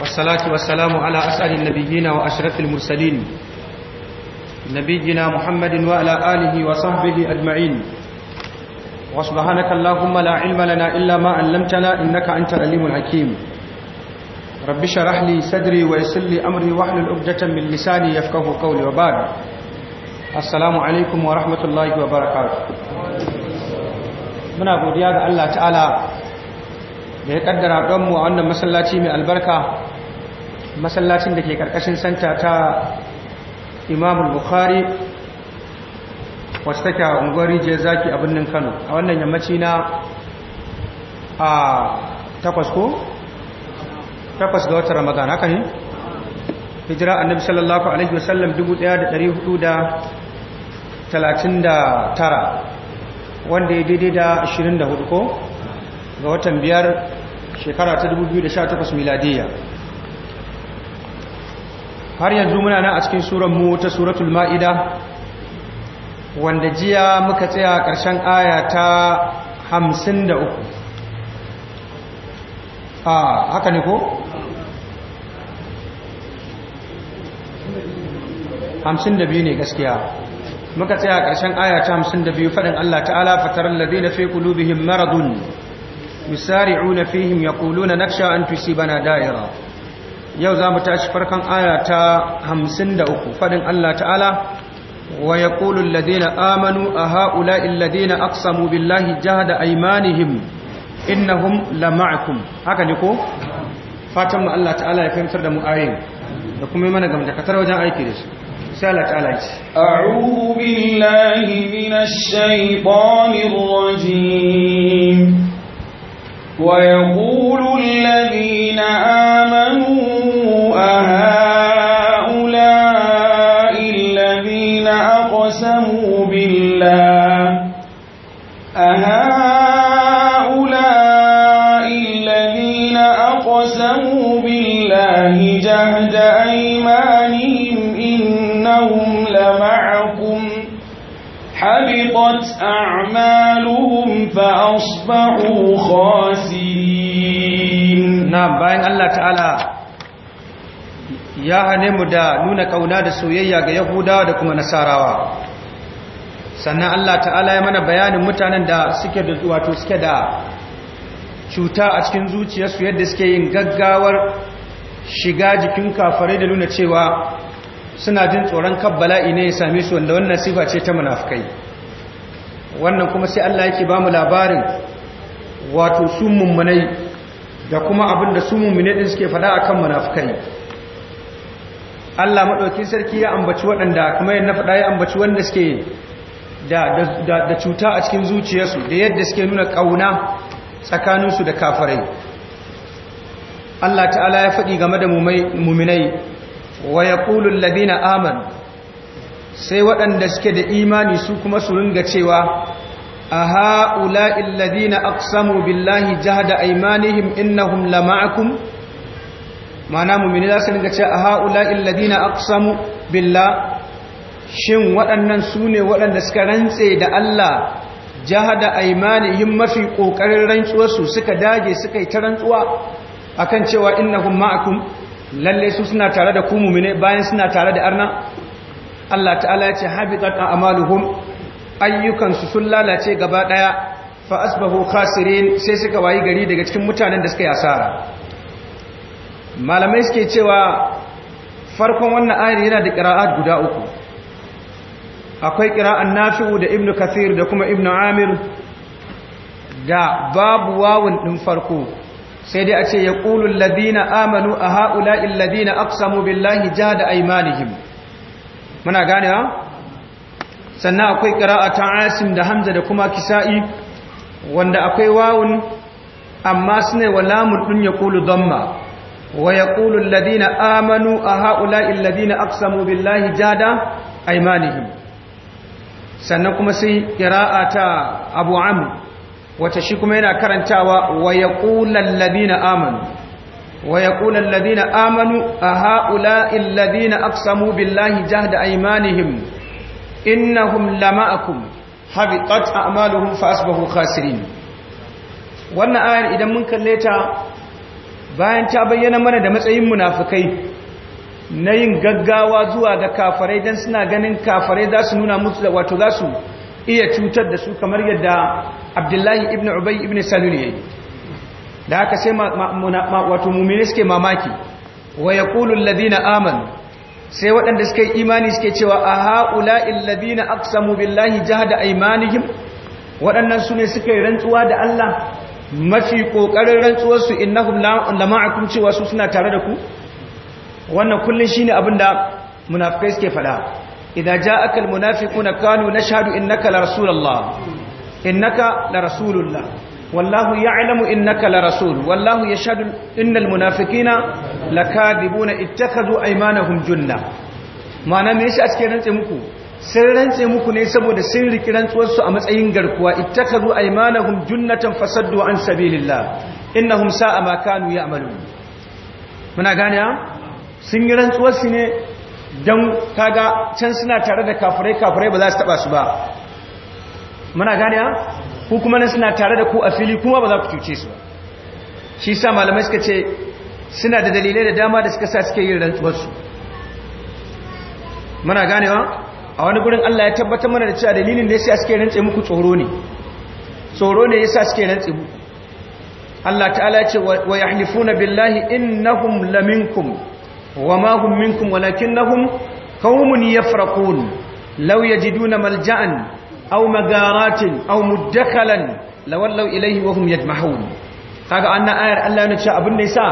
والصلاة والسلام على أسأل النبيين وأشرف المرسلين نبينا محمد وعلى آله وصحبه أجمعين وسبحانك اللهم لا علم لنا إلا ما علمتنا إنك أنت العليم الحكيم رب شرح لي صدري ويسر لي أمري واحلل عقدة من لساني يفقه قولي وبعد السلام عليكم ورحمة الله وبركاته muna godiya ga Allah ta'ala da ya kaddara don mu a wannan masallaci mai albarka masallacin da ke karkashin santa ta imamul bukhari wacce take a unguwar rijiyar zaki a birnin kano a wannan yammaci na a takwas ko? takwas ga wata ramadan haka ne? hijira annabi sallallahu alaihi wasallam 1439 wanda ya daidai da 24 ko? ga watan biyar shekara ta 2018 miladiyya har yanzu muna nan a cikin suranmu ta suratul ma'ida wanda jiya muka tsaya ƙarshen aya ta 53 a haka ne ko? 52 ne gaskiya muka tsaya ƙarshen aya ta 52 faɗin Allah ta'ala fatarar na fi ƙulubihin maradun yusari'una fihim yaquluna nakhsha an tusibana da'ira yau zamu tashi farkon aya ta uku fadin Allah ta'ala wa yaqulu alladhina amanu a ha'ula'i alladhina aqsamu billahi jahada aymanihim hum lama'akum haka ne ko fatan mu Allah ta'ala ya fahimtar da mu ayin da kuma mana gamdakatar wajen aiki da shi sai Allah ta'ala ya ce a'udhu billahi ويقول الذين آمنوا أهؤلاء الذين أقسموا بالله أهؤلاء الذين أقسموا بالله جهد أيمانهم إنهم لمعكم حبطت أعمالهم فأصبحوا فأصبحوا bayan Allah Ta'ala الله ya hane mu da nuna kauna da soyayya ga yahudawa da kuma nasarawa sannan Allah ta'ala ya mana bayanin mutanen da suke da wato suke da cuta a cikin zuciyarsu yadda suke yin gaggawar shiga jikin kafare da nuna cewa suna jin tsoron kabbala'i ne ya same su wanda wannan sifa ce ta munafikai wannan kuma sai Allah yake ba mu labarin wato su mummunai da kuma abin da su mummunai din suke faɗa kan munafukai Allah maɗaukin sarki ya ambaci waɗanda kuma yadda faɗa ya ambaci wanda suke da cuta a cikin zuciyarsu da yadda suke nuna ƙauna tsakaninsu da kafarai Allah ta'ala ya faɗi game da muminai wa ya ƙulun labina aman sai waɗanda suke da imani su kuma su ringa cewa a ha'ula illadina aksamu billahi jahada aimanihim innahum lama'akum mana mummini za su ringa ce a ha'ula illadina aksamu billah shin waɗannan sune waɗanda suka rantse da Allah jahada aimanihim mafi ƙoƙarin rantsuwarsu suka dage suka ta rantsuwa akan cewa innahum ma'akum lalle suna tare da ku mumine bayan suna tare da arna Allah ta'ala ya ce habitat a'maluhum ayyukansu sun lalace gaba ɗaya fa asbahu khasirin sai suka wayi gari daga cikin mutanen da suka yi asara malamai suke cewa farkon wannan ayar yana da qira'at guda uku akwai qira'an nafi'u da ibnu kathir da kuma ibnu amir da babu wawun din farko sai dai a ce yaqulu Ladina amanu a ha'ula'i alladhina aqsamu billahi jahada aymanihim muna ganewa sannan akwai ƙira'a ta asim da hamza da kuma kisa'i wanda akwai wawun amma su ne wa lamun ya ƙulu donma wa ya ƙulu ladina amanu a ha'ula'in ladina aksamu billahi jada aimanihim sannan kuma sai ƙira'a ta abu amu wata shi kuma yana karantawa wa ya ƙulan ladina amanu wa ya ƙulan ladina amanu a ha'ula'in ladina aksamu billahi jada aimanihim innahum lama'akum habitat a'maluhum fa asbahu khasirin wannan ayar idan mun kalle ta bayan ta bayyana mana da matsayin munafikai na yin gaggawa zuwa ga kafarai dan suna ganin kafarai za su nuna musu wato za su iya cutar da su kamar yadda Abdullahi ibn Ubay ibn Salul yayi da haka sai wato mu'mini suke mamaki wa yaqulu alladhina amanu sai waɗanda suka yi imani suke cewa a ha'ula illabina aksamu billahi jahada aimanihim waɗannan su ne suka yi rantsuwa da Allah mafi ƙoƙarin rantsuwarsu innahum lama'akum cewa su suna tare da ku wannan kullum shine abin da munafikai suke faɗa idza ja'aka almunafiquna kanu nashhadu innaka la rasulullah innaka na rasulullah wallahu in innaka la rasul wallahu yashhadu innal munafiqina lakadibuna ittakhadhu aymanahum junna ma'ana me yasa ake rantse muku sun rantse muku ne saboda sun riki rantsuwarsu a matsayin garkuwa ittakhadhu aymanahum junnatan fasaddu an sabilillah innahum sa'a ma kanu ya'malun muna gane sun yi rantsuwarsu ne dan kaga can suna tare da kafirai kafirai ba za su taba su ba muna gane ku kuma nan suna tare da ku a fili kuma ba za ku cuce su ba shi sa malamai suka ce suna da dalilai da dama da suka sa suke yin rantsuwarsu muna ganewa a wani gurin Allah ya tabbatar mana da cewa dalilin da yasa suke rantse muku tsoro ne tsoro ne yasa suke rantse mu Allah ta'ala ya ce wa yahlifuna billahi innahum laminkum wama hum minkum walakinnahum qaumun yafraqun law yajiduna malja'an aw magaratin aw muddakalan lawallau ilaihi wa hum yajmahun kaga annan ayar Allah ne ce abin da yasa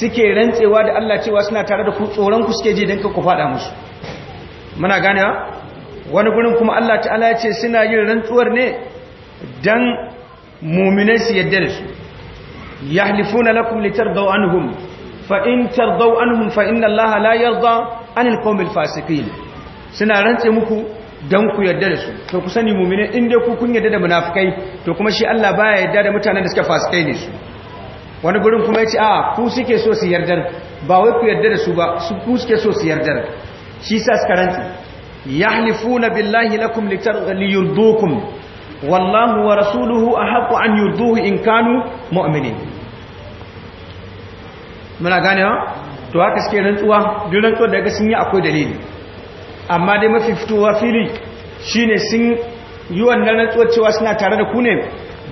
suke rantsewa da Allah cewa suna tare da ku tsoron ku suke ji dan ku fada musu muna ganewa wani gurin kuma Allah ta'ala ya ce suna yin rantsuwar ne dan mu'minai su yadda da su yahlifuna lakum litardaw anhum fa in tardaw anhum fa inna Allah la yarda anil qawmil fasiqin suna rantse muku don ku yarda da su to ku sani mummine inda ku kun yarda da munafukai to kuma shi Allah baya yarda da mutanen da suka fasikai ne su wani gurin kuma ya yace a ku suke so su yardar ba wai ku yarda da su ba su ku suke so su yardar shi sa suka rantsi yahlifuna billahi lakum liyurdukum wallahu wa rasuluhu ahaqqu an yurduhu in kanu mu'minin muna gane to haka suke rantsuwa duk rantsuwa daga sun yi akwai dalili amma dai mafi fitowa fili shine sun yi wannan rantsuwar cewa suna tare da ku ne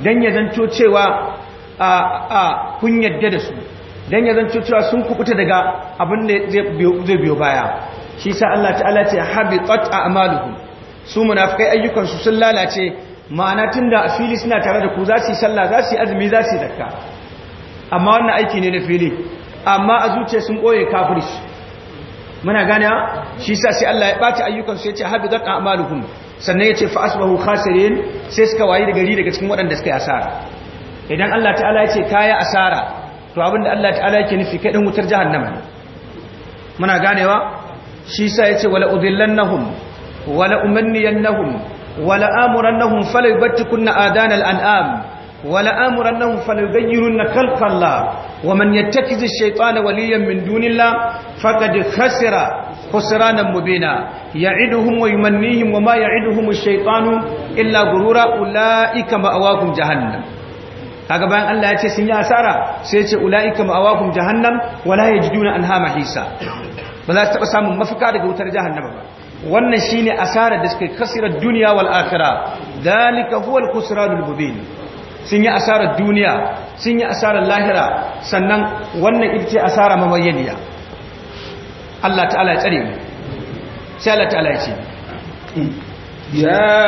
dan ya zanto cewa a a kun yadda da su dan ya zanto cewa sun kubuta daga abin da zai biyo baya shi sa Allah ta'ala ce a amaluhu su munafikai ayyukansu su sun lalace ma'ana tunda a fili suna tare da ku za su yi sallah za su yi azumi za su yi zakka amma wannan aiki ne na fili amma a zuciya sun ɓoye kafirci muna ganewa shi sa sai Allah ya ɓaci ayyukansu ya ce habidat a'malukum sannan ya ce fa asbahu khasirin sai suka wayi da gari daga cikin waɗanda suka yi asara idan Allah ta'ala ya ce kaya asara to abinda Allah ta'ala yake nufi kai dan wutar jihar nama. muna ganewa shi sa ya ce wala udillannahum wala umanniyannahum wala amurannahum kunna adanal an'am ولآمرنهم فليغيرن خلق الله ومن يتخذ الشيطان وليا من دون الله فقد خسر خسرانا مبينا يعدهم ويمنيهم وما يعدهم الشيطان إلا غرورا أولئك مأواهم جهنم kaga bayan Allah ya ce sun yi asara sai ya ce ulaika ma'awakum jahannam wala yajiduna anha mahisa ba za su taba samun mafaka daga wutar jahannama ba wannan shine asara da suka kasira duniya wal akhirah dalika huwa al khusranul mubin sun yi asarar duniya sun yi asarar lahira sannan wannan ita ce asara mamayyaniya Allah ta'ala ya tsare mu sai Allah ta'ala ya ce يا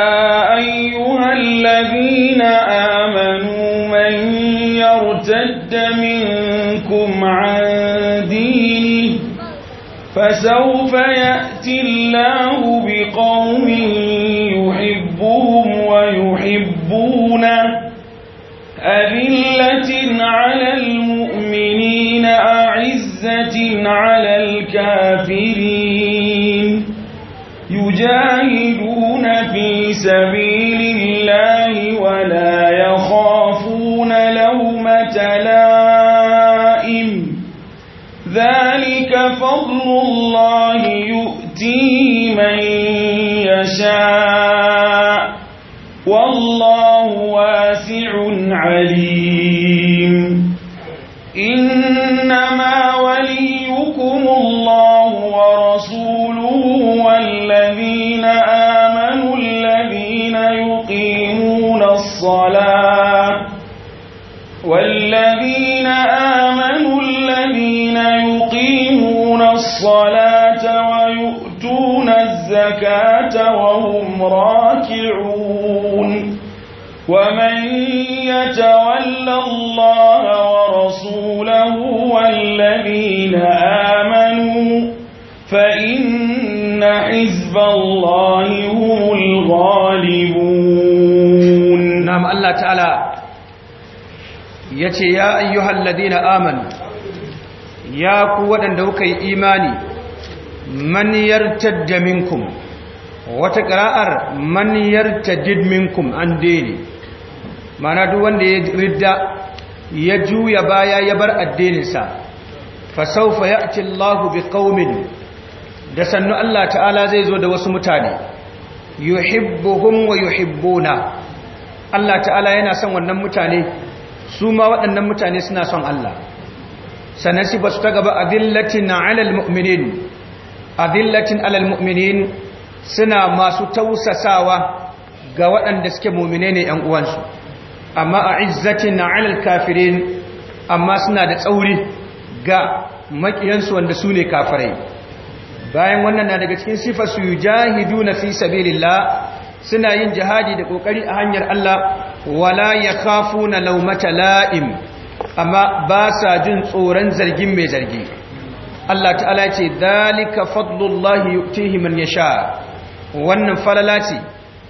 أيها الذين آمنوا من يرتد فسوف يأتي الله بقوم يحبهم ويحبونه أذلة على المؤمنين أعزة على الكافرين يجاهدون في سبيل الله ولا يخافون لومة لائم ذلك فضل الله يؤتيه من عليم يتولى الله ورسوله والذين آمنوا فإن حزب الله هم الغالبون نعم الله تعالى يتي يا أيها الذين آمنوا يا قوة دوكي إيماني من يرتد منكم وتقرأ من يرتد منكم عن ديني mana duk wanda ya ridda ya juya baya ya bar addininsa fasaufa ya'ti bi ƙaumin da sannu Allah ta'ala zai zo da wasu mutane yuhibbuhum wa yuhibbuna Allah ta'ala yana son wannan mutane su ma waɗannan mutane suna son Allah sannan su basu ta gaba adillatin alal mu'minin adillatin alal mu'minin suna masu tausasawa ga waɗanda suke mu'mine ne 'yan uwansu amma a izzatin na alal kafirin amma suna da tsauri ga makiyansu wanda su ne kafirai bayan wannan na daga cikin sifar su jahidu na fi sabilillah suna yin jihadi da kokari a hanyar Allah wala na laumata la'im amma ba sa jin tsoron zargin mai zargi Allah ta'ala ce dalika fadlullahi yu'tihi man yasha wannan falala ce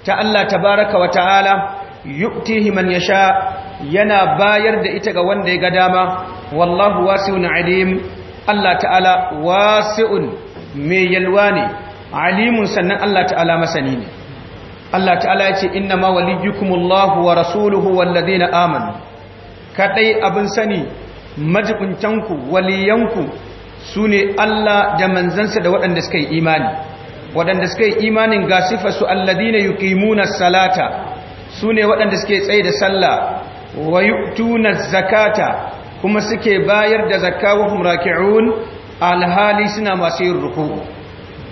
ta Allah tabaraka wa ta'ala yu'tihi man yasha yana bayar da ita ga wanda ya ga dama wallahu wasi'un alim Allah ta'ala wasi'un mai yalwa ne alimun sannan Allah ta'ala masani ne Allah ta'ala ya ce inna ma waliyukumullahu wa rasuluhu wallazina amanu kadai abin sani majibuntanku waliyanku sune Allah da manzansa da waɗanda suka yi imani waɗanda suka yi imanin ga sifarsu alladina yuqimuna salata su ne waɗanda suke tsaye da sallah wa tuna zakata kuma suke bayar da zakawa wa hum alhali suna masu yin ruku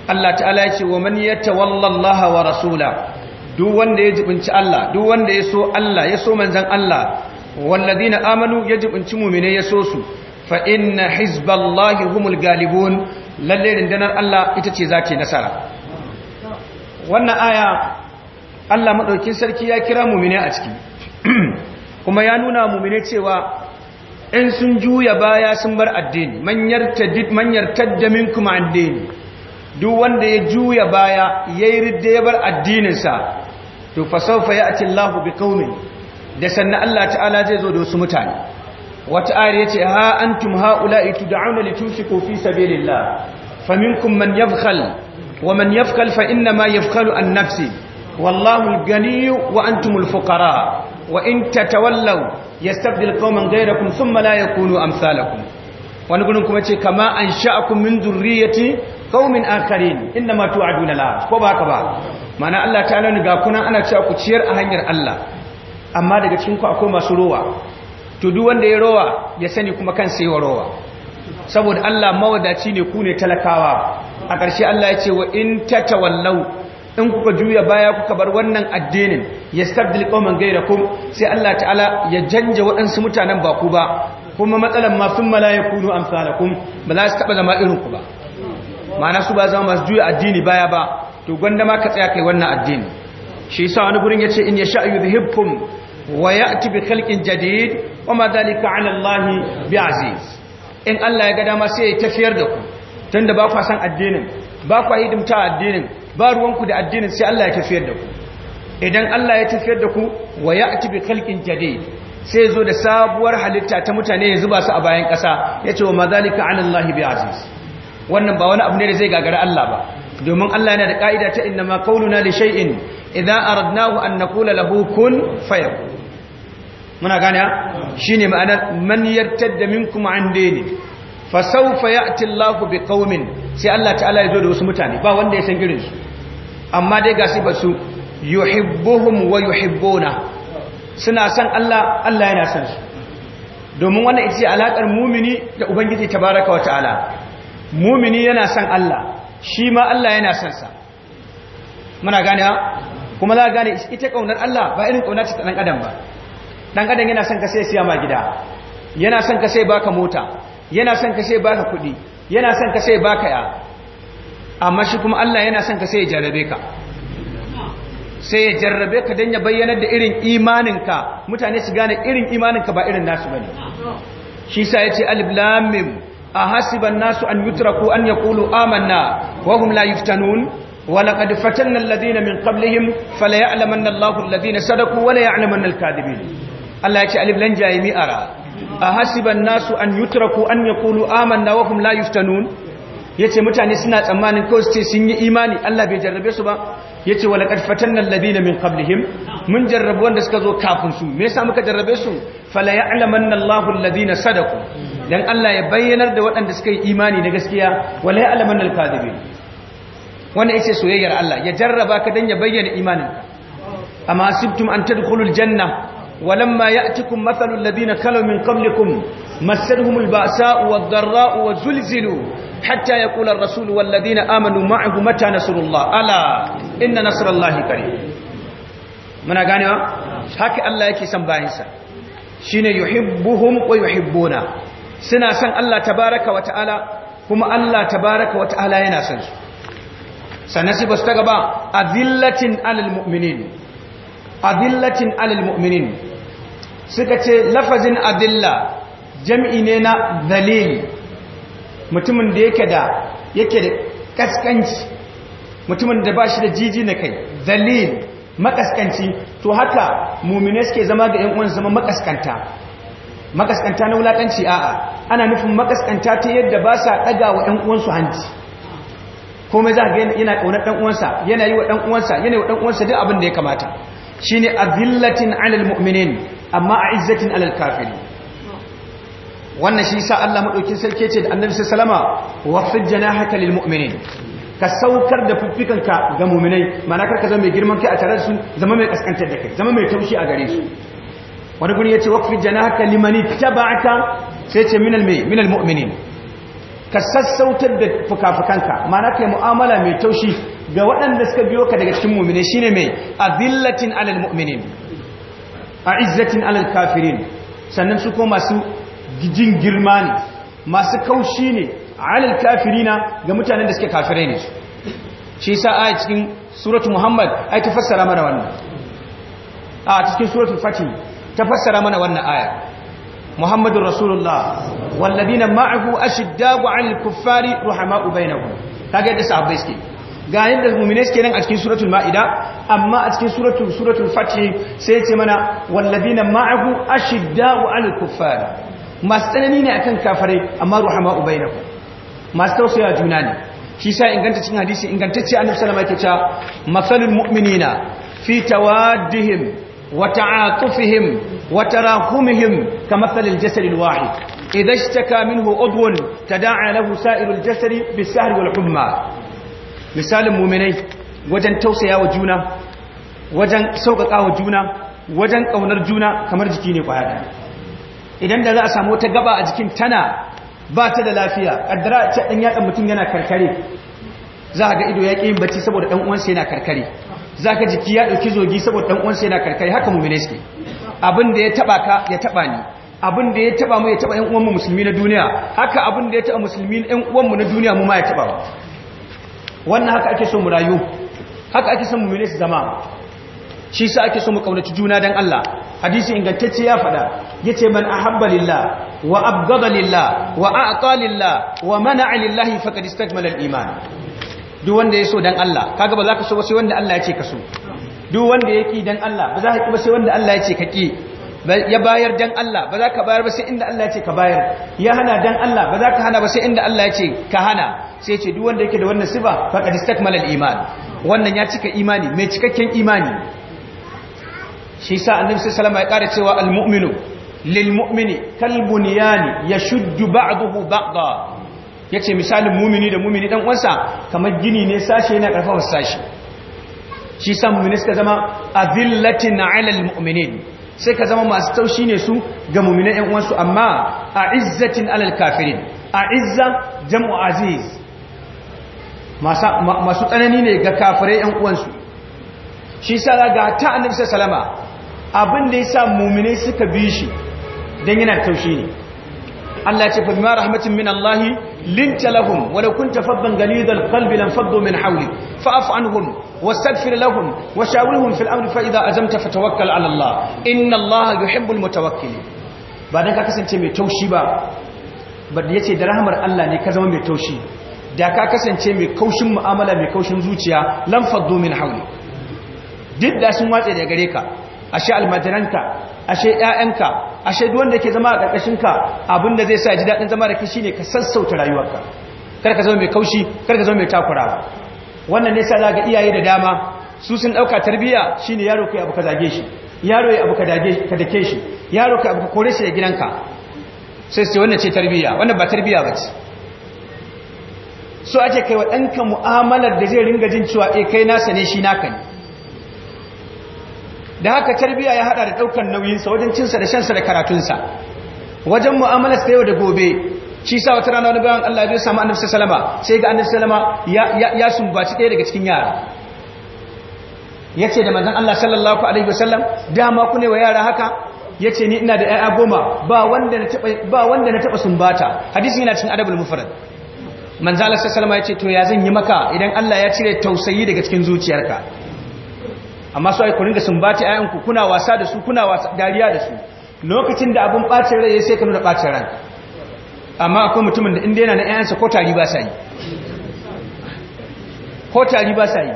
Allah ta'ala ya ce wa man yatawalla Allah wa rasula duk wanda ya jibinci Allah duk wanda ya so Allah ya so manzon Allah walladina amanu ya jibinci mu'mine ya so su fa inna hizballahi humul galibun lalle rindanar Allah ita ce yi nasara wannan aya Allah maɗaukin sarki ya kira mumine a ciki kuma ya nuna mumine cewa in sun juya baya sun bar addini manyar taddamin kuma addini duk wanda ya juya baya ya yi ridda ya bar addininsa to fasaufa ya ati Allah bi kaumin da sannan Allah ta'ala zai zo da wasu mutane wata ayar ya ce ha da auna litushi litunfiqu fi sabilillah faminkum man yafkal? wa man yafkal fa inna ma yafkalu an nafsihi wallahu al-ganiyyu wa antumul fuqara wa in tatawallaw yastabdil qauman ghayrakum thumma la wani gurin kuma ce kama ansha'akum min ƙaumin qaumin akharin matu a la ko ba ka ba mana Allah ta'ala ni ga kuna ana cewa ku ciyar a hanyar Allah amma daga cikin ku akwai masu rowa to duk wanda ya rowa ya sani kuma sai yawa rowa saboda Allah mawadaci ne ku ne talakawa a ƙarshe Allah ya ce wa in tatawallaw in kuka juya baya kuka bar wannan addinin ya yastabdil qauman ku sai Allah ta'ala ya janja waɗansu mutanen ba ku ba kuma matsalan ma sun malayakunu amsalakum ba za su taba zama irin ku ba ma'ana su ba zama masu juya addini baya ba to gwanda ma ka tsaya kai wannan addini shi yasa wani gurin yace in yasha yudhibkum wa ya'ti bi khalqin jadid wa ma dalika 'ala Allah bi aziz in Allah ya ga dama sai ya tafiyar da ku tunda ba ku san addinin ba ku hidimta addinin ba ruwanku da addinin sai Allah ya tafiyar da ku idan Allah ya tafiyar da ku wa ya'ti bi khalqin jadid sai zo da sabuwar halitta ta mutane ya zuba su a bayan ƙasa ya ce wa mazalika an bi aziz wannan ba wani abu ne da zai gagara Allah ba domin Allah yana da ƙa'ida ta inna ma kauluna da shay'in idan aradnahu an naqula lahu kun fayakun muna gane shine ma'anar man yartadda minkum an dini fa ya ya'ti Allahu bi qaumin sai Allah ta'ala ya zo da wasu mutane ba wanda ya san girin su amma dai gashi ba su yuhibbuhum wa yuhibbuna suna san Allah Allah yana san su domin wannan ita ce alakar mumini da ubangiji baraka wa ta'ala mumini yana san Allah shi ma Allah yana san sa muna gane kuma za gane ita kaunar Allah ba irin kaunar ta dan adam ba dan adam yana son ka sai siya ma gida yana son ka sai baka mota yana son ka sai baka kuɗi yana son ka sai baka ya amma shi kuma Allah yana son ka sai ya jarrabe ka sai ya jarrabe ka don ya bayyanar da irin imaninka mutane su gane irin imaninka ba irin nasu bane shi sa yace alif lam mim ahasiban nasu an yutraku an ya kulu, amanna wa hum la yuftanun ولقد فتنا الذين من قبلهم فليعلمن الله الذين صدقوا وليعلمن الكاذبين الله يجعل لن جايمي أرى a hasiban nasu an yutraku an aman amanna wa hum la Ya yace mutane suna tsammanin ko su ce sun yi imani Allah bai jarrabe su ba yace wala qad fatanna alladhina min him, mun jarrabu wanda suka zo kafin su me yasa muka jarrabe su fala ya'lamanna Allahu alladhina sadaku. Don Allah ya bayyanar da waɗanda suka yi imani na gaskiya wala ya'lamanna alkadibin ya ce soyayyar Allah ya jarraba ka dan ya bayyana imaninka amma asibtum an tadkhulul janna ولما يأتكم مثل الذين كلوا من قبلكم مسدهم البأساء والضراء وزلزلوا حتى يقول الرسول والذين آمنوا معه متى نصر الله ألا إن نصر الله قريب من أغاني هكا الله يكي سنباينسا شين يحبهم ويحبون سنة سن الله تبارك وتعالى هم الله تبارك وتعالى يناسن سنسيب استقبا أذلة على المؤمنين أذلة على المؤمنين suka ce lafazin adilla jam'i ne na dalil mutumin da yake da yake da kaskanci mutumin da ba shi da jiji na kai dalil makaskanci to haka mummune suke zama ga ‘yan uwan zama makaskanta makaskanta na wulaƙanci a'a ana nufin makaskanta ta yadda ba sa ɗaga wa ‘yan uwansu hanci komai za ga yana ƙaunar ɗan uwansa yana yi wa ɗan uwansa yana yi wa ɗan uwansa duk abin da ya kamata shine azillatin alal mu'minin amma a izzatin alal kafiri wannan shi sa Allah madaukin sarki ce da annabi sallama wa fajjana haka lil mu'minin ka saukar da fiffikanka ga mu'minai mana karka zama mai girman kai a tare da su zama mai kaskantar da kai zama mai taushi a gare su wani guri yace waqfi janaka liman ittaba'aka sai ce minal mai minal mu'minin ka sassautar da fukafukanka mana kai mu'amala mai taushi ga waɗanda suka biyo ka daga cikin muminai shine mai adillatin alal mu'minin a izzatin alal kafirin sannan su ko masu jin girma ne masu kaushi ne alal kafirina ga mutanen da suke kafirai ne su shi sa a cikin suratu muhammad ai ta fassara mana wannan a cikin suratu fatih ta fassara mana wannan aya muhammadun rasulullah na ma'ahu ashiddagu alal kuffari ruhama'u bainahum ta yadda sahabbai suke ga yadda mu'minai suke nan a cikin suratul ma'ida amma a cikin suratul suratul sai ya ce mana wallabina ma'ahu ashidda'u 'alal kuffar masu tsanani ne akan kafirai amma ruhama'u bainakum masu tausaya juna ne shi sa inganta cikin hadisi ingantacce annabi sallallahu alaihi wasallam yake cewa masalul mu'minina fi tawaddihim wa ta'atufihim wa tarahumihim kamathalil jasadil wahid idha ishtaka minhu udwun tada'a lahu sa'irul jasadi bis-sahri wal humma misalin muminai wajen tausaya wa juna wajen sauƙaƙa wa juna wajen ƙaunar juna kamar jiki ne kwaya ɗaya idan da za a samu wata gaba a jikin tana ba ta da lafiya ƙaddara ta ɗan yaɗan mutum yana karkare za a ga ido ya ƙi yin bacci saboda ɗan uwansa yana karkare za ka jiki ya ɗauki zogi saboda ɗan uwansa yana karkare haka mummune suke abin da ya taɓa ka ya taɓa ni abin da ya taɓa mu ya taɓa ƴan uwanmu musulmi na duniya haka abin da ya taɓa musulmi ƴan uwanmu na duniya mu ma ya taɓa wannan haka ake son mu rayu haka ake son mu mene su zama shi sa ake son mu kaunaci juna dan Allah hadisi ingantacce ya faɗa yace man ahabba lillah wa abghada lillah wa a'ta lillah wa mana'a lillahi faqad istakmala al-iman duk wanda ya so dan Allah kaga ba za ka so ba sai wanda Allah ya ce ka so duk wanda yake dan Allah ba za ka ki ba sai wanda Allah ya ce ka ki ya bayar dan Allah ba za ka bayar ba sai inda Allah ya ce ka bayar ya hana dan Allah ba za ka hana ba sai inda Allah ya ce ka hana sai ce duk wanda yake da wannan sifa faqad istakmala al-iman wannan ya cika imani mai cikakken imani shi sa annabi sallallahu alaihi wasallam ya kara cewa al-mu'minu lil-mu'mini kal bunyani yashuddu ba'dahu ba'da yace misalin mu'mini da mu'mini dan uwansa kamar gini ne sashe yana karfafa sashe shi sa mu'mini suka zama azillatin 'alal mu'minin sai ka zama masu taushi ne su ga mummina ƴan uwansu amma a izzatin alal kafirin a izza jam'u aziz masu tsanani ne ga kafirai ƴan uwansu shi sa ga ta annabi salama abin da sa mu'minai suka bi shi don yana taushi ne Allah ya ce fa bima rahmatin min Allah linta lahum wa law kunta faddan galidal qalbi lam faddu min hawli fa'fu anhum wastaghfir lahum wa shawirhum fil amri fa idha azamta fatawakkal ala Allah inna Allah yuhibbul mutawakkilin ba dan ka kasance mai taushi ba ba yace da rahmar Allah ne ka zama mai taushi da ka kasance mai kaushin mu'amala mai kaushin zuciya lam faddu min hawli duk da sun watse da gare ka ashe almajiranka ashe ƴaƴanka ashe duk wanda yake zama a karkashin ka da zai sa ji daɗin zama da kai ne ka sassauta rayuwarka kar ka zama mai kaushi kar ka zama mai takura wannan ne sa ga iyaye da dama su sun dauka tarbiya shine yaro kai abu ka zage shi yaro ya abu ka dage ka dake shi yaro ka abu ka kore shi da gidanka sai sai wannan ce tarbiya wannan ba tarbiya ce. so ake kai wa danka mu'amalar da zai ringa jin cewa eh kai nasa ne shi naka ne da haka tarbiya ya hada da daukan nauyinsa wajen cinsa da shansa da karatunsa wajen mu'amalar yau da gobe shi sa wata rana wani bayan Allah sa samu annabi sallama sai ga annabi sallama ya sumbaci ɗaya daga cikin yara yace da manzon Allah sallallahu alaihi wasallam dama ku ne wa yara haka yace ni ina da ƴaƴa goma ba wanda na taba ba wanda na taba sumbata hadisi yana cikin adabul mufrad manzon Allah sallallahu alaihi wasallam yace to ya zan yi maka idan Allah ya cire tausayi daga cikin zuciyarka amma su ai ku ringa ayan ku kuna wasa da su kuna wasa dariya da su lokacin da abun bace rai sai ka nuna bace ran amma akwai mutumin da inda yana na ayansa ko tari ba sai ko tari ba sai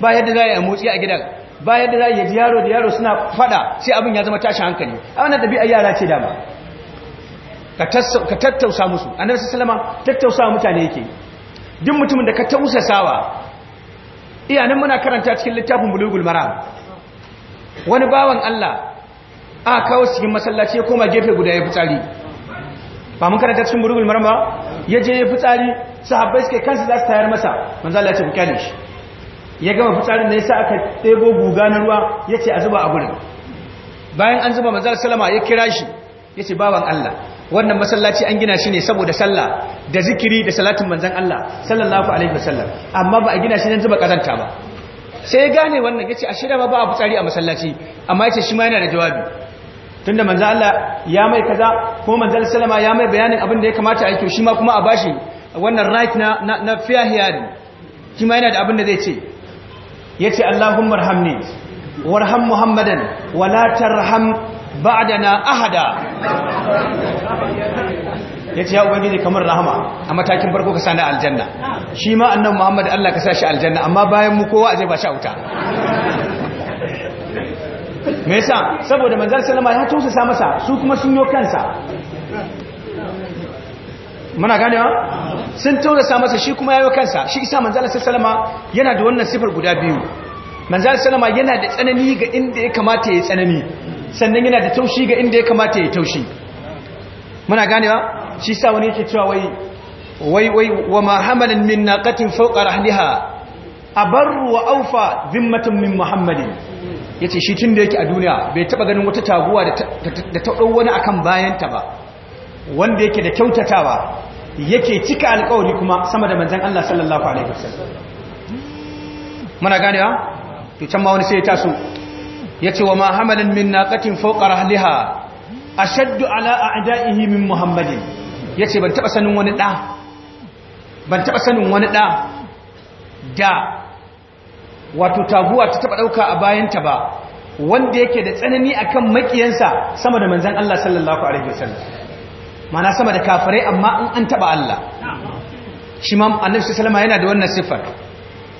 ba yadda za a motsi a gidan ba yadda za a ji yaro da yaro suna fada sai abin ya zama tashin hankali a wannan dabi'ar yara ce dama ka tattausa musu annabi wasallam tattausa mutane yake duk mutumin da ka tausasawa iyanin muna karanta cikin littafin bulugul maram wani bawan Allah a kawo cikin masallaci ya koma gefe guda ya fitsari ba mun karanta cikin bulugul maram ba ya je ya fitsari sahabbai suke kansu za su tayar masa manzo Allah ya ce ku kyale shi ya gama fitsarin da yasa aka ɗebo guga na ruwa yace a zuba a gurin bayan an zuba manzo sallama ya kira shi yace bawan Allah wannan masallaci an gina shi ne saboda sallah da zikiri da salatin manzon Allah sallallahu alaihi wasallam amma ba a gina shi nan zuba kazanta ba sai gane wannan yace a shirya ba a fitsari a masallaci amma yace shi ma yana da jawabi tunda manzon Allah ya mai kaza ko manzon sallama ya mai bayanin abin da ya kamata a yi to shi ma kuma a bashi wannan right na na fair hearing shi ma yana da abin da zai ce yace Allahumma rahmani warham Muhammadan wala tarham ba'dana ahada ya ce ya ubangiji kamar rahama a matakin farko ka sani aljanna shi ma annan muhammadu allah ka sa shi aljanna amma bayan mu kowa a zai ba shi wuta me yasa saboda manzan salama ya tausa sa masa su kuma sun yi kansa muna ganewa sun sa masa shi kuma ya yi kansa shi isa manzan salama yana da wannan sifar guda biyu manzan salama yana da tsanani ga inda ya kamata ya yi tsanani sannan yana da taushi ga inda ya kamata ya yi taushi muna ganewa shi sa wani yake cewa wai wai wai wa ma hamalan min naqatin fawqa rahliha abaru wa awfa dhimmatun min muhammadin yace shi tun da yake a duniya bai taba ganin wata taguwa da ta dau wani akan bayanta ba wanda yake da kyautatawa yake cika alƙawari kuma sama da manzon Allah sallallahu alaihi wasallam muna ganewa to can ma wani sai ya taso yace wa ma hamalan min naqatin fawqa rahliha ashaddu ala a'da'ihi min muhammadin yace ban taba sanin wani da ban taba sanin wani da da wato taguwa ta taba dauka a bayanta ba wanda yake da tsanani akan makiyansa sama da manzon Allah sallallahu alaihi wasallam mana sama da kafirai amma in an taba Allah shi ma annabi sallallahu yana da wannan sifar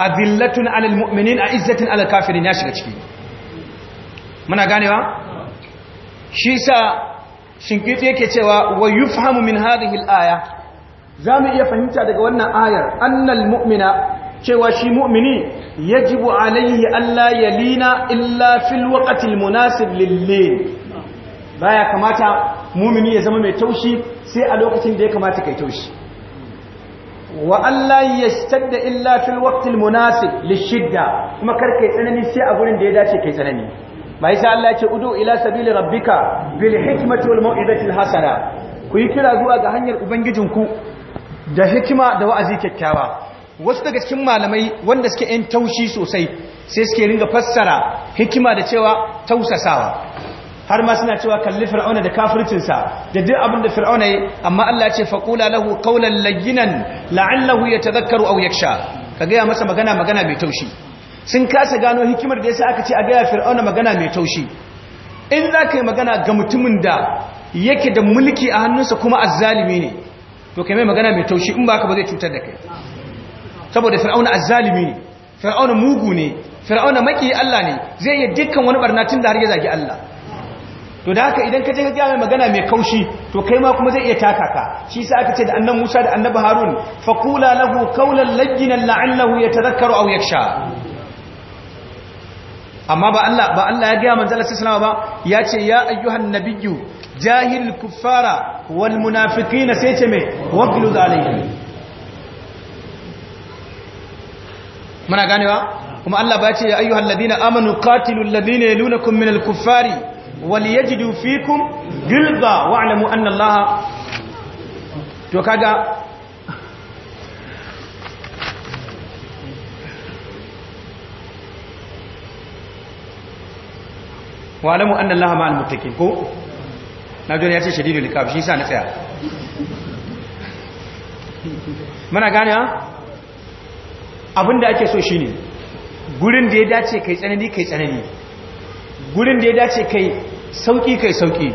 adillatun alal mu'minin izzatin alal kafirin ya shiga ciki muna ganewa shi sa shinkiti yake cewa wa yufhamu min hadhihi al-aya zamu iya fahimta daga wannan ayar annal mu'mina cewa shi mu'mini alayhi alaihi ya yalina illa fil waqtil munasib lil baya kamata mu'mini ya zama mai taushi sai a lokacin da ya kamata kai taushi wa alla yashtadda illa fil waqtil munasib lish-shidda kuma karkai tsanani sai a gurin da ya dace kai tsanani bai sa Allah ce udu ila sabili rabbika bil hikmati wal mau'izati al hasana ku yi kira zuwa ga hanyar ubangijinku da hikima da wa'azi kyakkyawa wasu daga cikin malamai wanda suke yin taushi sosai sai suke ringa fassara hikima da cewa tausasawa har ma suna cewa kalli fir'auna da kafircinsa da duk abin da fir'auna yi amma Allah ce faqula lahu qawlan layyinan la'allahu yatadhakkaru aw yakhsha ka gaya masa magana magana mai taushi sun kasa gano hikimar da ya sa aka ce a gaya fir'auna magana mai taushi in za ka yi magana ga mutumin da yake da mulki a hannunsa kuma azzalimi ne to kai mai magana mai taushi in ba ka ba zai cutar da kai saboda fir'auna azzalimi ne fir'auna mugu ne fir'auna maki Allah ne zai yi dukkan wani barna tun da har ya zagi Allah to da haka idan ka je ka ga mai magana mai kaushi to kai ma kuma zai iya taka ka shi sa aka ce da annabi Musa da annabi Harun faqula lahu qawlan layyinan la'allahu yatadhakkaru aw yakhsha amma ba Allah ba Allah ya gaya manzala sallallahu ba ya ce ya ayyuhan nabiyyu jahil kuffara wal munafiqina sai ce me waqlu muna ganewa kuma Allah ba ya ce ya ayyuhal ladina amanu ya nuna yalunakum minal kuffari wal yajidu fikum gilza wa'lamu anna Allah to kaga wa alamu anna allaha ma'al muttaqin ko na jona ya ce shadidu likab shi sa na tsaya muna gane ha abinda ake so shi ne gurin da ya dace kai tsanani kai tsanani gurin da ya dace kai sauki kai sauki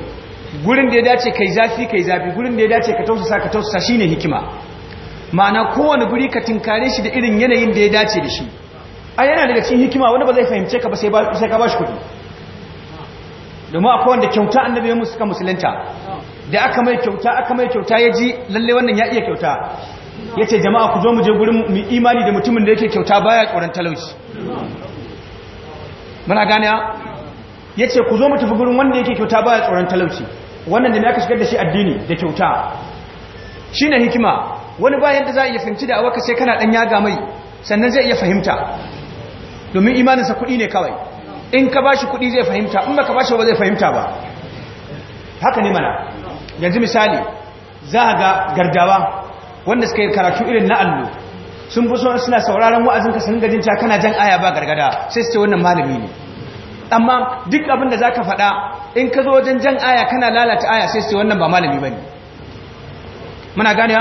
gurin da ya dace kai zafi kai zafi gurin da ya dace ka tausasa ka tausasa shine hikima ma'ana kowane guri ka tinkare shi da irin yanayin da ya dace da shi a yana daga cikin hikima wanda ba zai fahimce ka ba sai ka ba shi kuɗi domin akwai wanda kyauta annabi musu suka musulunta da aka mai kyauta aka mai kyauta ya ji lalle wannan ya iya kyauta ya ce jama'a ku zo mu je gurin mu imani da mutumin da yake kyauta baya tsoron talauci muna gane ya ce ku zo mu tafi gurin wanda yake kyauta baya tsoron talauci wannan da ne aka shigar da shi addini da kyauta shi ne hikima wani bayan da za a iya fahimci da awaka sai kana ɗan yaga mai sannan zai iya fahimta domin imaninsa kuɗi ne kawai in ka bashi kuɗi zai fahimta in baka bashi ba zai fahimta ba haka ne mana yanzu misali za a ga gardawa wanda suka yi karatu irin na allo sun fi son suna sauraron wa'azin ka sun gajin kana jan aya ba gargada sai su ce wannan malami ne amma duk abin da za ka faɗa in ka zo wajen jan aya kana lalata aya sai su ce wannan ba malami ba ne muna gane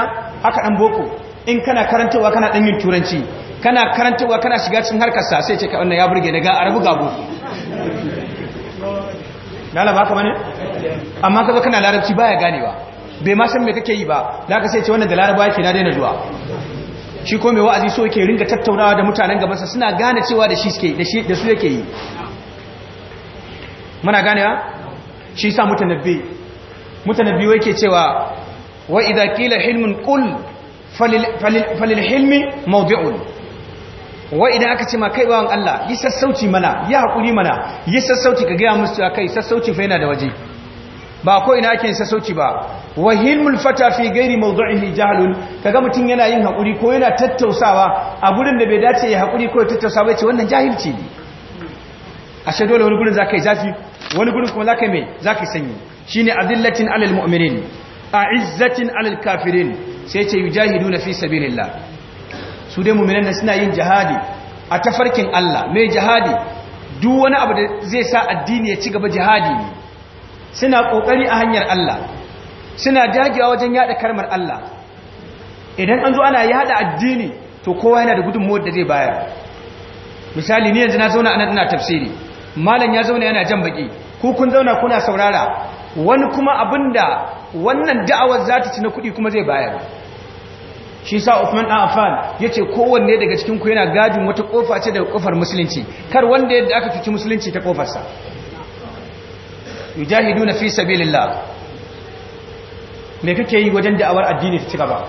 haka ɗan boko in kana karantarwa kana ɗan yin turanci kana karantawa kana shiga cikin harkar sa sai ce ka wannan ya burge daga ga arabu gabo dala ba ka bane amma kazo kana larabci baya ganewa bai ma san me kake yi ba zaka sai ce wannan da laraba yake na daina zuwa shi ko me wa'azi so yake ringa tattaunawa da mutanen sa suna gane cewa da shi suke da su yake yi muna ganewa shi sa mutanabbi mutanabbi yake cewa wa idza qila hilmun qul falil hilmi mawdi'un Wa idan aka ce ma kai bawan Allah yi sassauci mana yi hakuri mana yi sassauci ka gaya musu a kai sassauci fa yana da waje ba ko ina ake yin sassauci ba wa hilmul fata fi gairi mawdu'ihi jahlun kaga mutun yana yin hakuri ko yana tattausawa a gurin da bai dace ya hakuri ko ya tattausa ba ya ce wannan jahilci ne ashe dole wani gurin zaka yi zafi wani gurin kuma zaka mai zaka sanyi shine adillatin alal mu'minin a'izzatin alal kafirin sai ce yujahiduna fi sabilillah su dai mu'minan da suna yin jihadi a tafarkin Allah mai jihadi duk wani abu da zai sa addini ya ci gaba jihadi ne suna kokari a hanyar Allah suna dagewa wajen yada karmar Allah idan an zo ana yada addini to kowa yana da gudunmuwar da zai bayar misali ni yanzu na zauna ana ina tafsiri malam ya zauna yana jan baki ku kun zauna kuna saurara wani kuma abinda wannan da'awar za ta ci na kuɗi kuma zai bayar shi sa Uthman dan Affan yace kowanne daga cikin ku yana gadin wata kofa ce daga kofar musulunci kar wanda yadda aka cuci musulunci ta kofar sa yujahiduna fi sabilillah me kake yi wajen da'awar addini ta ci gaba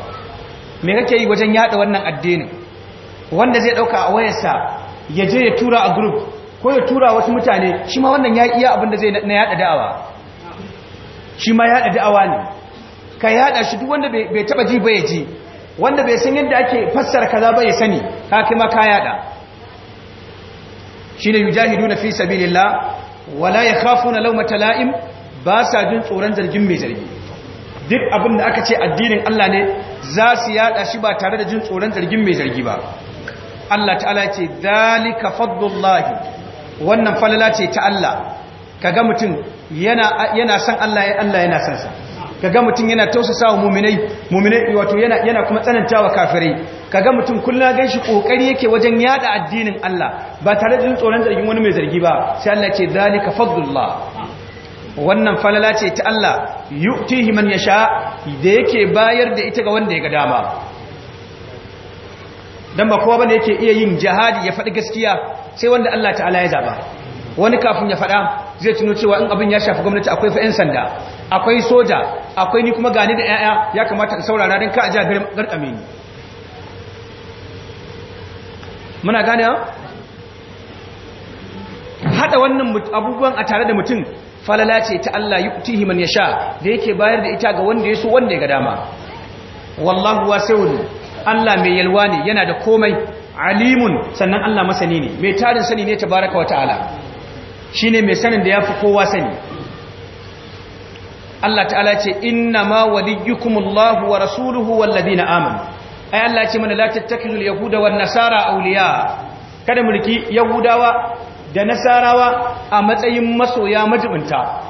me kake yi wajen yada wannan addinin wanda zai dauka a wayarsa ya je ya tura a group ko ya tura wasu mutane shi ma wannan ya iya abin da zai na yada da'awa shi ma yada da'awa ne ka yada shi duk wanda bai taba ji ba ya ji wanda bai san yadda ake fassara kaza ba ya sani ka kima ka yada shine yujahiduna fi sabilillah wala yakhafuna lawmata la'im ba sa jin tsoron zargin mai zargi duk abin da aka ce addinin Allah ne za su yada shi ba tare da jin tsoron zargin mai zargi ba Allah ta'ala ce zalika fadlullahi wannan falala ce ta Allah kaga mutum yana yana san Allah ya Allah yana san sa kaga mutum yana tausasa wa muminai muminai wato yana yana kuma tsanantawa kafirai kaga mutum kullun ga shi kokari yake wajen yada addinin Allah ba tare da tsoron zargin wani mai zargi ba sai Allah ce zalika fadlullah wannan falala ce ta Allah yu'tihi man yasha da yake bayar da ita ga wanda ya ga dama dan ba kowa bane yake iya yin jihadi ya faɗi gaskiya sai wanda Allah ta'ala ya zaba wani kafin ya faɗa zai tuno cewa in abin ya shafi gwamnati akwai fa'in sanda akwai soja akwai ni kuma gani da 'ya'ya ya kamata in saurara don ka ajiya garkame ni muna gane haɗa wannan abubuwan a tare da mutum falala ce ta Allah yi man ya sha da yake bayar da ita ga wanda ya so wanda ya ga dama wallahu wasi'un Allah mai yalwa ne yana da komai alimun sannan Allah masani ne mai tarin sani ne tabaraka wa ta'ala shine mai sanin da yafi kowa sani Allah ta'ala ce inna ma waliyyukumullahu wa rasuluhu na aman. ai Allah ce mana la tattakilu yahuda wan nasara awliya kada mulki yahudawa da nasarawa a matsayin masoya majibinta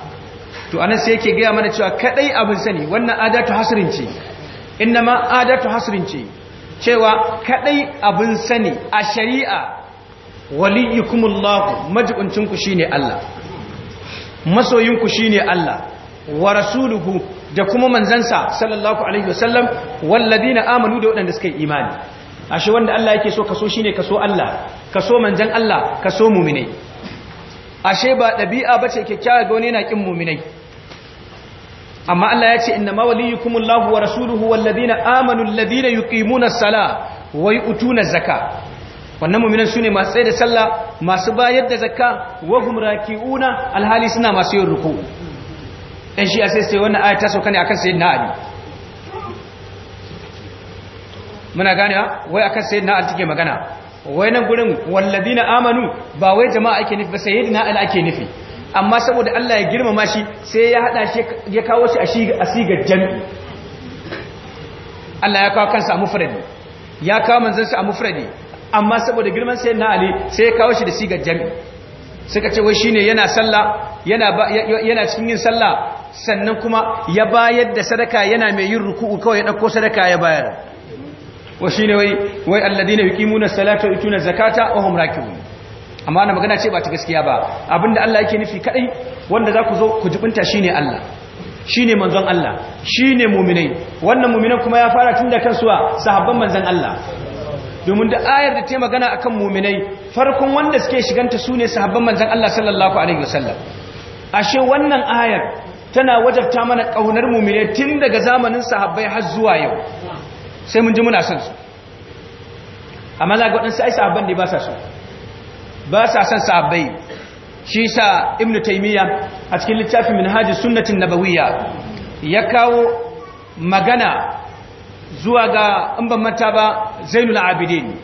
to anan sai yake gaya mana cewa kadai abin sani wannan adatu hasrin ce inna ma adatu hasrin ce cewa kadai abin sani a shari'a waliyukumullahu majibincinku shine Allah masoyinku shine Allah wa rasuluhu da kuma manzansa sallallahu alaihi wasallam walladina amanu da waɗanda suka yi imani ashe wanda Allah yake so kaso shine kaso Allah kaso manzan Allah kaso mu'minai ashe ba ɗabi'a bace kyakkyawa ga wani yana kin mu'minai amma Allah ya ce innama ma waliyukumullahu wa rasuluhu walladina amanu alladina yuqimuna as-sala wa yu'tuna az-zakata wannan muminan su ne masu tsaye da sallah masu bayar da zakka wahum raki'una alhali suna masu yin ruku ɗan shi a sai sai wannan ayata sauka ne akan sayyidina ali muna gane wai akan sayyidina ali take magana wai nan wallabi na amanu ba wai jama'a ake nufi ba sayyidina ali ake nufi amma saboda Allah ya girmama shi sai ya hada shi ya kawo shi a sigar jami'i Allah ya kawo kansa a mufradi ya kawo manzansa a mufradi amma saboda girman sai na ali sai ya kawo shi da sigar jami suka ce wai shine yana sallah yana cikin yin sallah sannan kuma ya bayar da sadaka yana mai yin ruku'u kawai ya dauko sadaka ya bayar wa shine wai wai alladina yuqimuna salata wa yutuna zakata wa hum raki'un amma ana magana ce ba ta gaskiya ba abinda Allah yake nufi kadai wanda za ku zo ku jibinta shine Allah shine manzon Allah shine mu'minai wannan mu'minan kuma ya fara tun da kansuwa sahabban manzon Allah domin da ayar da ta yi magana a kan muminai farkon wanda suke shiganta su ne sahabban manzan Allah sallallahu alaihi wasallam ashe wannan ayar tana wajabta mana ƙaunar muminai tun daga zamanin sahabbai har zuwa yau sai mun ji muna son su amma za ga waɗansu ai sahabban ne ba sa so ba sa son sahabbai shi sa ibnu taimiyya a cikin littafin minhajus sunnatin nabawiyya ya kawo magana zuwa ga in mata ba zainul abidin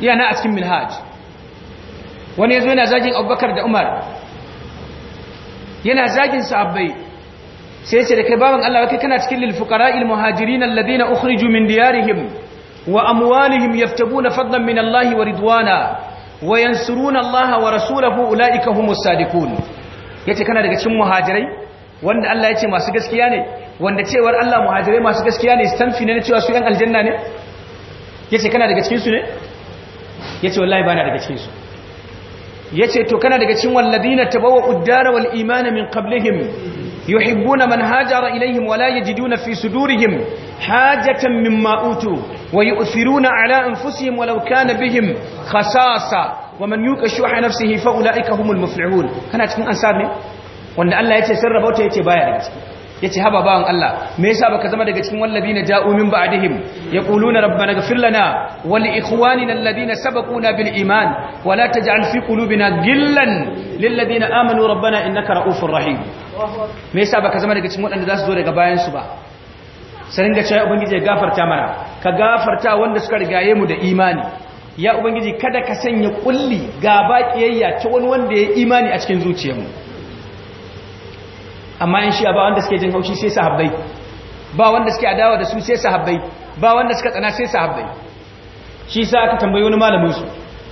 yana a cikin minhaj wani yazo yana zagin abubakar da umar yana zagin Sa'abbai sai ce da kai baban Allah kai kana cikin lil fuqara'il muhajirin alladhina ukhriju min diyarihim wa amwalihim na fadlan min Allah wa ridwana wa yansuruna Allah wa rasulahu ulaika humus ya yace kana daga cikin muhajirai wanda Allah ya ce masu gaskiya ne wanda cewar Allah muhajirai masu gaskiya ne stamfi ne na cewa su yan aljanna ne yace kana daga cikin su ne yace wallahi na daga cikinsu. Ya ce to kana daga cikin walladina ta bawa udara wal imana min qablihim yuhibbuna man hajara ilayhim wa la yajiduna fi sudurihim hajatan mimma utu wa yu'thiruna ala anfusihim walau kana bihim khasasa wa man yuqa shuha nafsihi fa ulaika humul muflihun kana cikin ansar ne wanda Allah yace sarrafa ta yace baya daga cikin ce haba bawan Allah me yasa baka zama daga cikin wallabina ja'u min ba'dihim yaquluna rabbana ighfir lana wa li ikhwanina alladhina sabaquna bil iman wa la taj'al fi qulubina ghillan lil ladina amanu rabbana innaka ra'ufur rahim me yasa baka zama daga cikin wadanda zasu zo daga bayan su ba sai ga cewa ubangiji ya gafarta mana ka gafarta wanda suka rigaye mu da imani ya ubangiji kada ka sanya kulli gaba kiyayya ta wani wanda ya imani a cikin zuciyarmu amma in shi ba wanda suke jin haushi sai sahabbai ba wanda suke adawa da su sai sahabbai ba wanda suka tsana sai sahabbai shi sa aka tambayi wani malamin su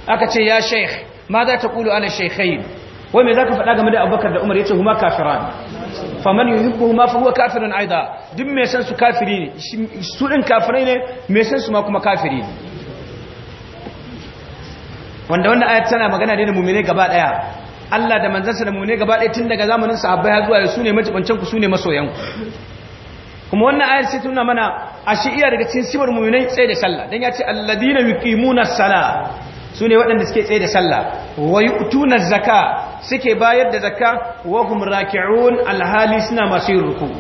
aka ce ya sheikh ma za ta kulu ala sheikhain wai me zaka faɗa game da Abubakar da Umar yace huma kafiran yuhibbu huma fa huwa kafirun aida duk me san su kafiri ne su din kafirai ne me san su ma kuma kafiri ne wanda wannan ayat tana magana ne da mu'mine gaba daya Allah da manzansa da mune gaba ɗaya tun daga zamanin sahabbai har zuwa su ne majibancan ku su ne masoyan ku kuma wannan ayar sai tuna mana a shi iya daga cikin sifar mu'minai tsaye da sallah dan ya ce alladina yuqimuna sala su ne waɗanda suke tsaye da sallah wa yu'tuna zaka suke bayar da zaka wa hum raki'un alhali suna masu yin ruku'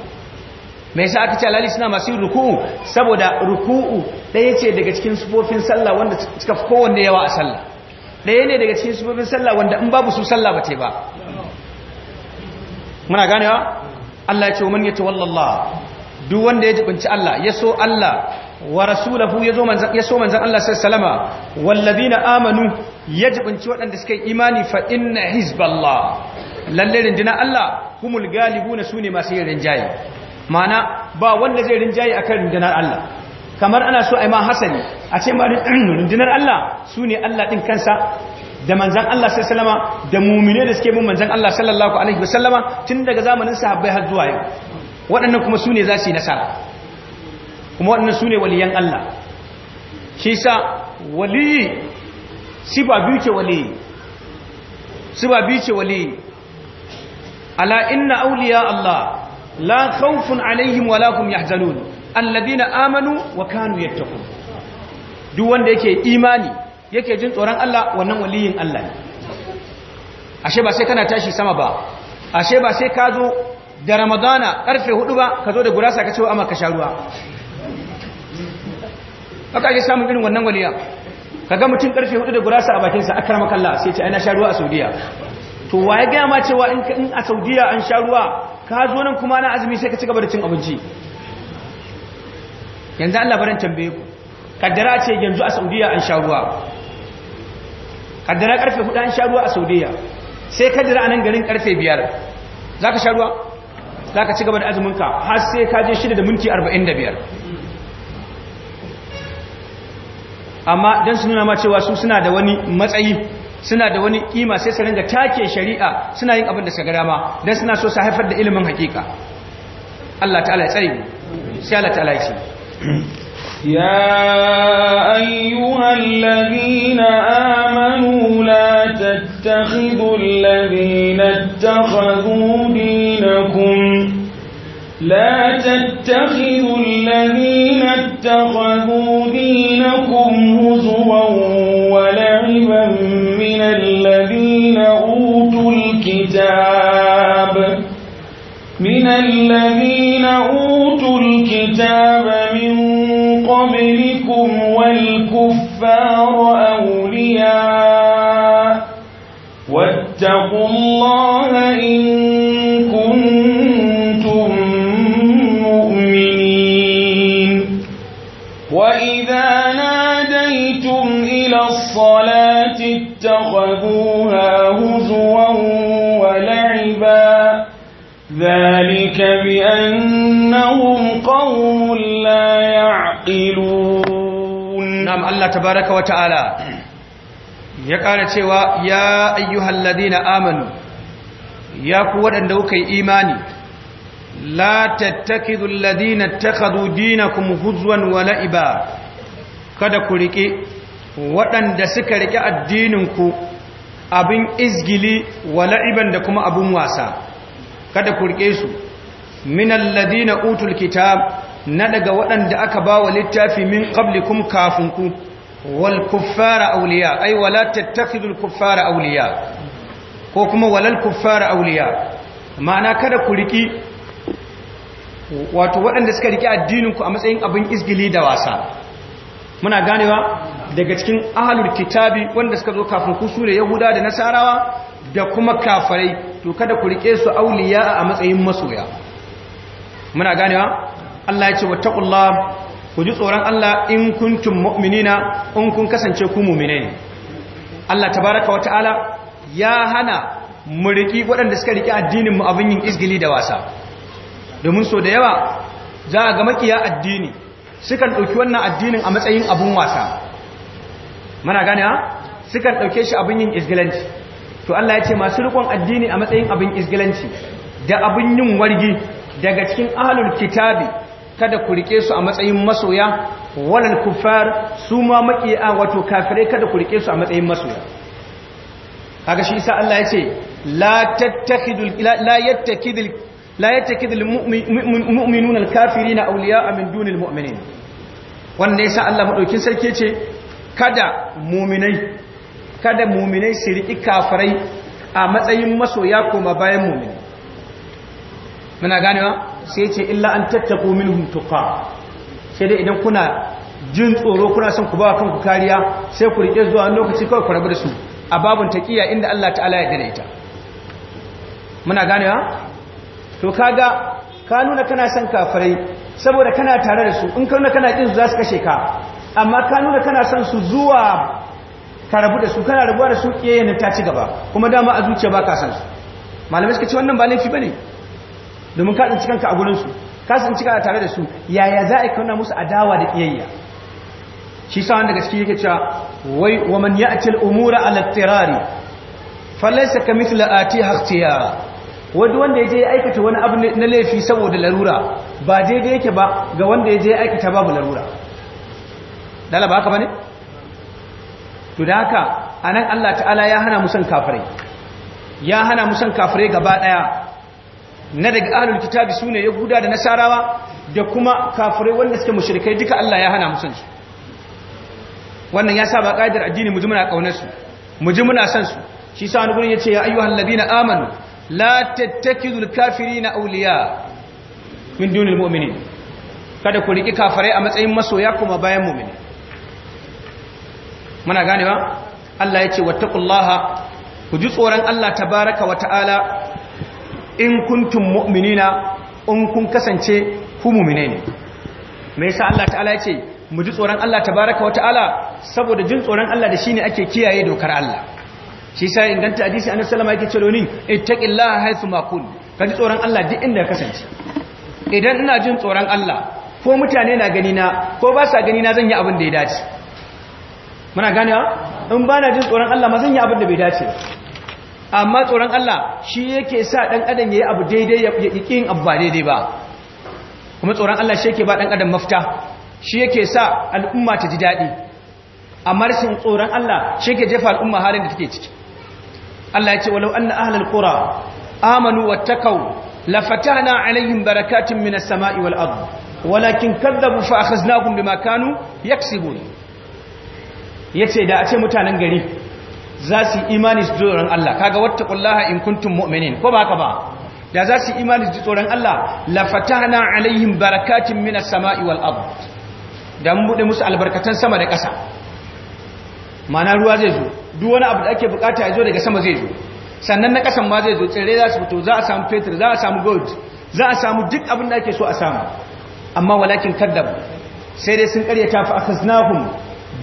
mai sa aka ce alali suna masu yin ruku? saboda ruku'u ɗaya ce daga cikin sufofin sallah wanda suka kowanne yawa a sallah ɗaya ne daga cikin sufofin sallah wanda in babu su sallah ba ta ba muna ganewa Allah ya ce wa man yatawalla Allah duk wanda ya jibinci Allah ya so Allah wa rasulahu ya so manzan Allah sai salama na amanu ya jibinci waɗanda suka yi imani fa inna hizballah lalle rinjina Allah humul galibuna sune masu yin rinjaye mana ba wanda zai rinjaye akan rinjinar Allah kamar ana so a yi ma hasali a ce ma rundunar Allah su ne Allah ɗin kansa da manzan Allah sai salama da mummune da suke mun manzan Allah sallallahu alaihi wasallama tun daga zamanin sahabbai har zuwa yau waɗannan kuma su ne za su yi nasara kuma waɗannan su ne waliyan Allah shi sa waliyi siba biyu ce waliyi siba biyu ce waliyi ala inna auliya Allah la khawfun alaihim wa la hum yahzanun alladina amanu wa kanu yattaku duk wanda yake imani yake jin tsoron Allah wannan waliyin Allah ne ashe ba sai kana tashi sama ba ashe ba sai ka zo da ramadana karfe hudu ba ka zo da gurasa ka ce amma ka sharuwa. ruwa haka ake samun irin wannan waliya kaga mutum karfe hudu da gurasa a bakinsa akrama kallah sai ce ai na sharuwa a saudiya to wa ya gaya ma cewa in a saudiya an sharuwa? ka zo nan kuma na azumi sai ka ci gaba da cin abinci yanzu Allah bari tambaye ku kaddara ce yanzu a Saudiya an sha kaddara karfe 4 an sha ruwa a Saudiya sai kaddara anan garin karfe 5 zaka sha ruwa zaka ci gaba da azumin ka har sai ka je 6 da minti 45 amma dan su nuna ma cewa su suna da wani matsayi suna da wani kima sai su ringa take shari'a suna yin abin da suka gada ma dan suna so su haifar da ilimin hakika Allah ta'ala ya tsare mu sai Allah ta'ala ya ce يا أيها الذين آمنوا لا تتخذوا الذين اتخذوا دينكم لا تتخذوا الذين اتخذوا دينكم هزوا ولعبا من الذين أوتوا الكتاب من الذين الله إن كنتم مؤمنين وإذا ناديتم إلى الصلاة اتخذوها هزوا ولعبا ذلك بأنهم قوم لا يعقلون نعم الله تبارك وتعالى ya ƙara يا أيها الذين آمنوا ya ku waɗanda kuka yi imani la tattakidu alladhina ittakhadhu dinakum huzwan wa la'iba kada ku rike waɗanda suka rike addininku abin izgili wa la'iban da kuma abin wasa kada ku rike su min alladhina utul kitab na daga waɗanda aka ba wa littafi min qablikum kafinku wal kuffara awliya ay wala tattakidu kuffara awliya ko kuma walal kuffara auliya ma'ana kada ku riki wato waɗanda suka riki addininku a matsayin abin izgili da wasa muna ganewa daga cikin ahalul kitabi wanda suka zo kafin ku su yahuda da nasarawa da kuma kafirai to kada ku rike su auliya a matsayin masoya muna ganewa Allah ya ce wattaqullah ku ji tsoron Allah in kuntum mu'minina in kun kasance ku mu'minai Allah tabaaraka wata'ala ya hana mu riki waɗanda suka riki addinin mu abin yin izgili da wasa domin so da yawa za a ga makiya addini sukan ɗauki wannan addinin a matsayin abin wasa mana gane ha sukan ɗauke shi abin yin izgilanci to Allah ya ce masu rikon addini a matsayin abin izgilanci da abin yin wargi daga cikin ahalul kitabi kada ku rike su a matsayin masoya walal kufar su ma makiya wato kafirai kada ku rike su a matsayin masoya kaga shi isa Allah ya ce la tattakidul la yattakidul la yattakidul kafiri al-kafirina a min dunil mu'minin wanda sa Allah madaukin sarki ce kada mu'minai kada mu'minai su riki kafirai a matsayin masoya koma bayan mu'mini muna ganewa sai ce illa an tattaku minhum tuqa sai dai idan kuna jin tsoro kuna son ku ba kanku kariya sai ku rike zuwa lokaci kawai ku rabu da su a babun taƙiya inda Allah ta'ala ya dade ita muna gane ganewa to kaga ka nuna kana son kafirai saboda kana tare da su in ka nuna kana ƙin su za su kashe ka amma ka nuna kana son su zuwa ka rabu da su kana rabuwa da su na ta ci gaba kuma dama a zuciya baka san su malamai suka ce wannan ba laifi ba ne domin ka tsinci kanka a gurin ka tsinci kanka tare da su yaya za a kauna musu adawa da kiyayya shi sa wanda gaske yake cewa wai wa man ya'til umura ala tirari falaysa kamithla ati ikhtiyara wanda wanda yaje ya aikata wani abu na laifi saboda larura ba daidai yake ba ga wanda yaje ya aikata babu larura dala ba haka bane to da haka anan Allah ta'ala ya hana musan kafirai ya hana musan kafirai gaba daya na daga ahlul kitabi sune yahuda da nasarawa da kuma kafirai wanda suke mushrikai duka Allah ya hana musan su wannan ya saba ƙa'idar addini mu ji muna ƙaunar su mu ji muna san su shi sa wani gurin ya ce ya ayyuhan ladina amanu la tattakidul kafirina awliya min dunil mu'minin kada ku riki kafirai a matsayin masoya kuma bayan mu'mini muna ganewa Allah ya ce wattaqullaha ku ji tsoron Allah tabaraka wa ta'ala in kuntum mu'minina in kun kasance ku mu'mine ne me yasa Allah ta'ala ya ce mu ji tsoron Allah tabaraka wa ta'ala saboda jin tsoron Allah da shi ne ake kiyaye dokar Allah shi sa inganta hadisi annabi sallallahu alaihi wasallam yake cewa ittaqillaha haythu ma kun ka ji tsoron Allah duk inda ka kasance idan ina jin tsoron Allah ko mutane na gani na ko ba sa gani na zan yi abin da ya dace muna ganewa in ba na jin tsoron Allah ma zan yi abin da bai dace amma tsoron Allah shi yake sa dan adam yayi abu daidai ya ƙin abu ba daidai ba kuma tsoron Allah shi yake ba dan adam mafita shi yake sa al'umma ta ji daɗi amma rashin tsoron Allah shi yake jefa al'umma halin da take ciki Allah ya ce walau anna ahlul qura amanu lafata na alaihim barakatun minas sama'i wal abu, walakin kadzabu fa ya bima kanu Ya yace da a ce mutanen gari za su imani su tsoron Allah kaga wattaqullaha in kuntun mu'minin ko ba ka ba da za su imani su tsoron Allah lafatana alaihim barakatun minas sama'i wal abu. da mun buɗe musu albarkatan sama da kasa. mana ruwa zai zo duk wani abu da ake bukata ya zo daga sama zai zo sannan na ƙasan ma zai zo tsere za su fito za a samu fetur za a samu gold za a samu duk abin da ake so a samu amma walakin kaddab sai dai sun karyata fa akhaznahum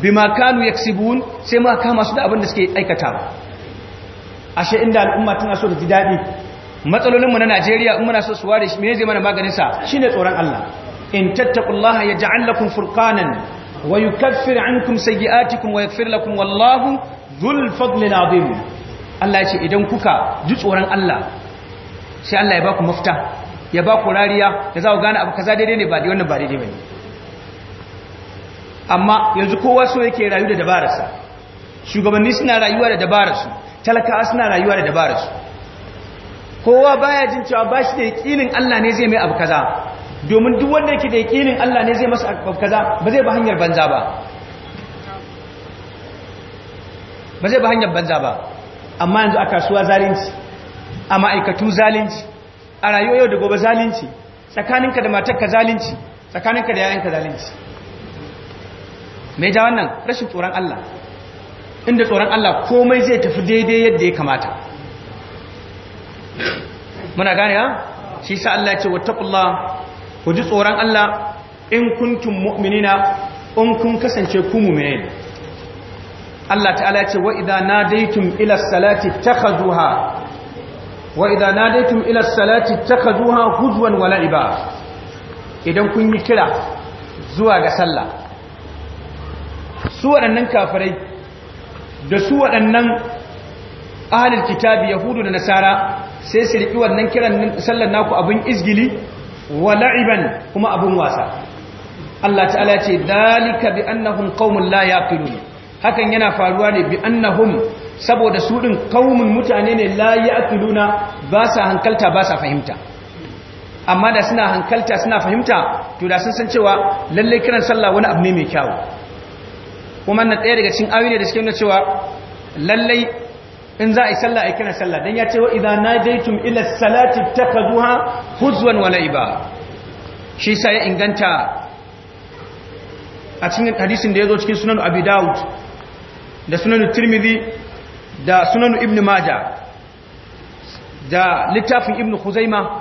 bima kanu yaksibun sai ma kama su da abin da suke aikata ashe inda al'umma tana so da ji dadi matsalolin mu na Najeriya in muna so su ware shi me zai mana maganin sa shine tsoron Allah إن تتقوا الله يجعل لكم فرقانا ويكفر عنكم سيئاتكم ويغفر لكم والله ذو الفضل العظيم Allah ya ce idan kuka ji tsoron Allah sai Allah ya baku mafita ya baku rariya da za ku gane abu kaza daidai ne ba da wannan ba daidai ne. amma yanzu kowa so yake rayu da dabararsa shugabanni suna rayuwa da dabararsu talakawa suna rayuwa da dabararsu kowa baya jin cewa ba shi da yakinin Allah ne zai mai abu kaza domin duk wanda yake da yakinin Allah ne zai masa kaza ba zai ba hanyar banza ba ba zai ba hanyar banza ba amma yanzu a kasuwa zalunci a ma'aikatu zalunci a rayuwa yau da gobe zalunci tsakaninka da matarka zalunci tsakaninka da yayanka zalunci mai ja wannan rashin tsoron Allah inda tsoron Allah komai zai tafi daidai yadda ya kamata muna gane ha shi sa Allah ya ce wattaqullah ku ji tsoron Allah in kuntum mu'minina in kun kasance ku mu'mine Allah ta'ala ce wa idza nadaytum ila salati takhazuha wa idza nadaytum ila salati takhazuha huzwan wa la'iba idan kun yi kira zuwa ga sallah su waɗannan kafirai da su waɗannan ahlul kitabi yahudu da nasara sai su riƙi wannan kiran sallar naku abin izgili wa kuma abun wasa Allah ta'ala ce dalika bi annahum qaumun la yaqilun hakan yana faruwa ne bi annahum saboda su din qaumun mutane ne la yaqiluna ba sa hankalta ba sa fahimta amma da suna hankalta suna fahimta to da sun san cewa lalle kiran sallah wani abu ne mai kyau kuma nan ɗaya daga cikin ayoyi da suke nuna cewa lallai in za a yi sallah a kira sallah dan ya ce wa idan najaytum ila salati ta huzwan wa laiba shi sa ya inganta a cikin hadisin da zo cikin sunanu abi daud da sunanu tirmidhi da sunanu Ibn maja da littafin ibnu khuzaima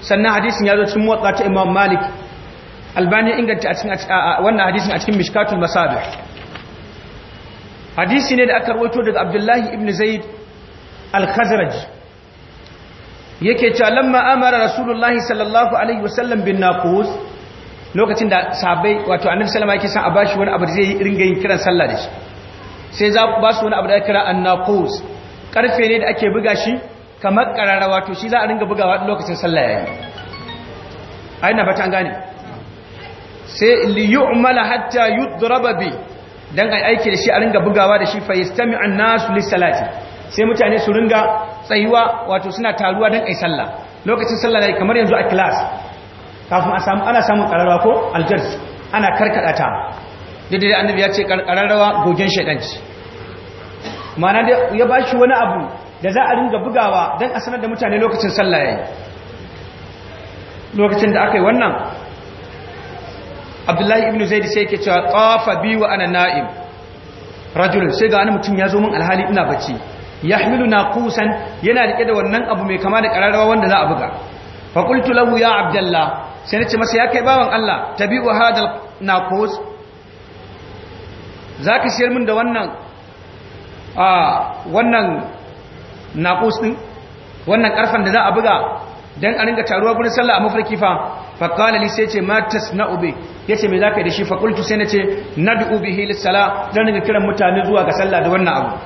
sannan hadisin zo cikin muwatta ta imam malik albani inganta a cikin wannan hadisin a cikin mishkatul masabih hadisi ne da aka rawaito daga abdullahi ibn zaid al-khazraj yake cewa lamma amara rasulullahi sallallahu alaihi wasallam bin naqus lokacin da sahabbai wato annabi sallama yake san a bashi wani abu da zai ringa yin kiran sallah da shi sai za ba su wani abu da ya kira annaqus karfe ne da ake buga shi kamar karara wato shi za a ringa bugawa lokacin sallah yayi ai na fata an gane sai li yu'mala hatta yudraba bi dan ai aiki da shi a ringa bugawa da shi fa yastami'u an-nas li salati sai mutane su ringa tsayuwa wato suna taruwa don ai sallah lokacin sallah na kamar yanzu a class kafin a ana samun kararwa ko aljaz ana karkada ta da dai annabi ya ce ƙararrawa gogen shaidanci Mana da ya bashi wani abu da za a ringa bugawa don a sanar da mutane lokacin sallah yayi lokacin da aka yi wannan abdullahi ibn zaid sai yake cewa qafa bi wa ana na'im rajul sai ga wani mutum ya zo min alhali ina bacci na kusan yana rike da wannan abu mai kama da kararrawa wanda za a buga Faƙultu qultu ya abdullah sai nace masa ya kai bawan Allah ta wa hadal na Za ka siyar min da wannan a wannan wannan karfan da za a buga don a ringa taruwa gurin sallah a mafarki fa Fakalali sai ce ube ya ce mai me ka yi da shi fakultu sai na nace nad'u ubi lis-sala zan ringa kiran mutane zuwa ga sallah da wannan abu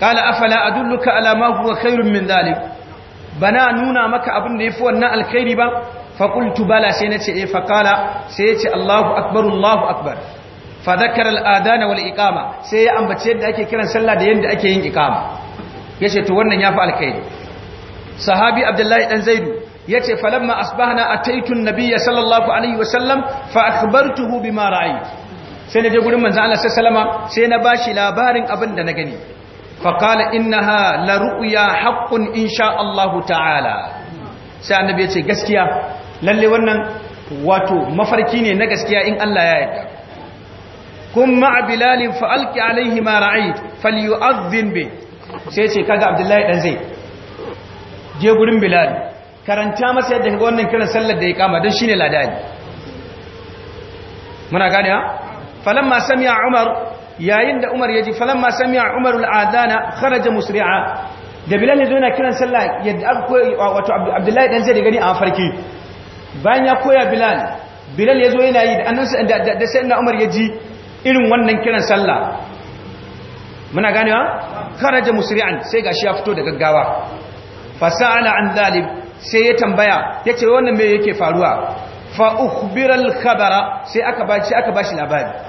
kala afala a ala ma huwa khairun min dhalik bana nuna maka abin da ya fi wannan alkhairi ba fakultu bala sai nace ce eh, fa qala sai yace Allahu akbar Allahu akbar fa dhakara al wal sai ya ambace yadda ake kiran sallah da yadda ake yin Ya ce to wannan fi alkhairi sahabi abdullahi dan zaidu yace falamma asbahna ataitu an-nabiyya sallallahu alaihi wasallam fa akhbartuhu bima ra'aytu sai na je gurin manzo Allah sallallahu alaihi sai na bashi labarin abin da na gani faƙala ha la ru'ya haqqun insha Allah ta'ala sai annabi ya ce gaskiya lalle wannan wato mafarki ne na gaskiya in Allah ya yarda kun ma'a bilal fa alqi alaihi ma ra'ayt falyu'adhdhin bi sai ce kaga abdullahi dan zai je gurin bilal karanta masa yadda kaga wannan kiran sallar da ya kama dan shine ladani muna gane ha falamma sami'a umar yayin da Umar ya ji falamma sami'a Umar al-adana kharaja musri'a da Bilal zo yana kiran sallah yadda aka koya wato Abdullahi dan zai gani a farki bayan ya koya Bilal Bilal yazo yana yi da da na Umar ya ji irin wannan kiran sallah muna ganewa kharaja musri'an sai gashi ya fito da gaggawa fasala an zalim sai ya tambaya ya ce wannan me yake faruwa fa ukhbira al-khabara sai aka bashi aka bashi labari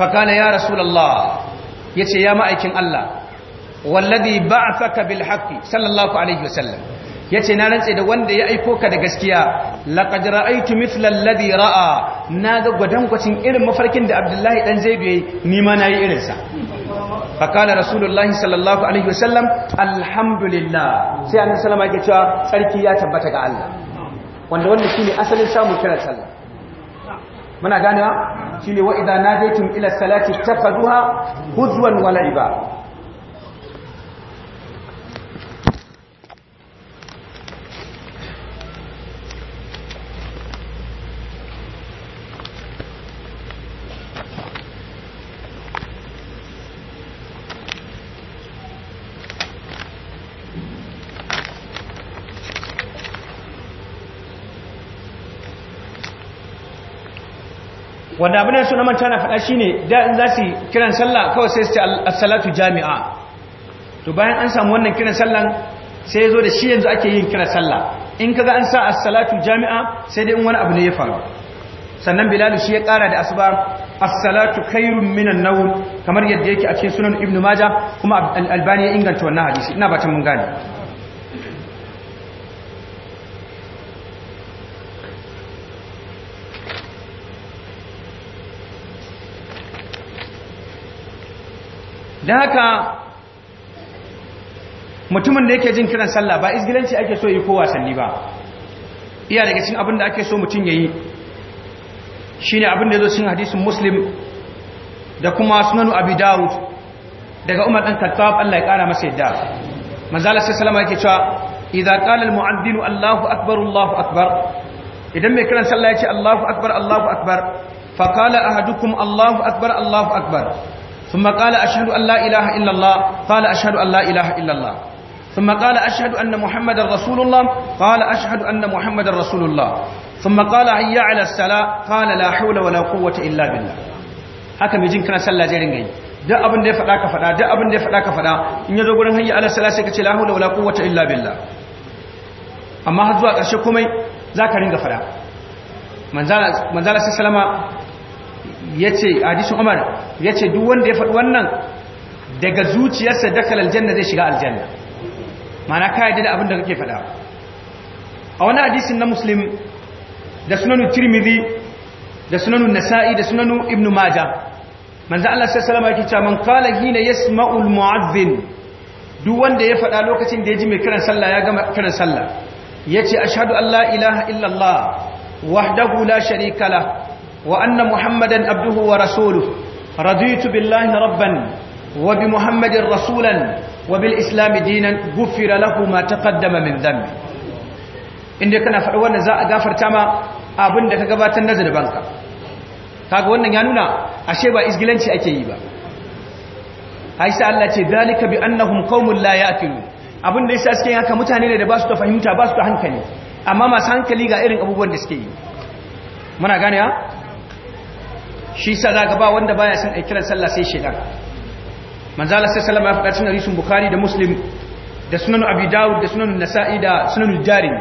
Fakana ya rasulallah ya ce ya ma'aikin Allah wallazi ba'athaka bil haqqi sallallahu alaihi wasallam yace na rantse da wanda ya aiko ka da gaskiya laqad ra'aytu mithla alladhi ra'a naga gwadan gwacin irin mafarkin da Abdullahi dan Zaid yayi ni ma nayi irin sa fakala rasulullahi sallallahu alaihi wasallam alhamdulillah sai annabi sallama yake cewa sarki ya tabbata ga Allah wanda wannan shine asalin samun kiran sallah muna ganewa shine wa idza nadaytum ila salati tafaduha huzwan wa la'iba wanda abin da su na manta na faɗa shine da in za su kiran sallah kawai sai su ce a salatu jami'a to bayan an samu wannan kiran sallan sai zo da shi yanzu ake yin kiran sallah in kaga an sa as-salatu jami'a sai dai in wani abu ne ya faru sannan bilal shi ya ƙara da asuba as-salatu khairun minan nawm kamar yadda yake a cikin sunan ibnu majah kuma albani ya inganta wannan hadisi ina ba ta mun gane da haka mutumin da yake jin kiran sallah ba izgilanci ake so yi ko wasanni ba iya daga cikin abin da ake so mutum shi shine abin da zo cikin hadisin muslim da kuma sunanu abi daud daga umar dan kattab Allah ya kara masa yadda manzala sai salama yake cewa idan qala mu'adinu Allahu akbar Allahu akbar idan mai kiran sallah ya Allahu akbar Allahu akbar fa qala ahadukum Allahu akbar Allahu akbar ثم قال أشهد أن لا إله إلا الله قال أشهد أن لا إله إلا الله ثم قال أشهد أن محمد رسول الله قال أشهد أن محمد رسول الله ثم قال هيا على الصلاة قال لا حول ولا قوة إلا بالله haka mai jin kana sallah zai ringa duk abin da ya faɗa ka faɗa duk abin da ya faɗa ka faɗa in ya zo gurin hayya ala sala sai ka ce la hawla wala quwwata illa billah amma har zuwa ƙarshe komai zaka ringa faɗa manzala manzala sai salama yace hadisin Umar yace duk wanda ya faɗi wannan daga zuciyarsa dakal aljanna zai shiga aljanna mana ka yadda da abin da kake faɗa a wani hadisin na Muslim da sunanu Tirmidhi da sunanu Nasa'i da sunan Ibn Majah manzo Allah sallallahu alaihi wasallam yake cewa man qala hina yasma'u al-mu'adhdhin duk wanda ya faɗa lokacin da ya ji mai kiran sallah ya gama kiran sallah yace ashhadu an la ilaha illallah wahdahu la sharika lah وأن محمدا عبده ورسوله رضيت بالله rabban وبمحمد رسولا وبالإسلام دينا غفر له ما تقدم من ذنبه inda kana faɗi wannan za a gafarta ma abin da ka gabatar na Ka kaga wannan ya nuna ashe ba izgilanci ake yi ba aisha Allah ce dalika bi annahum qaumun la yaqilu abin da yasa suke haka mutane ne da ba su da fahimta ba da hankali amma masu hankali ga irin abubuwan da suke yi muna gane ha shi sa za ka ba wanda baya son a kiran sallah sai shaidan manzala sai salama ya faɗa cin risun bukhari da muslim da sunan abi da sunan nasa'i da sunan jarin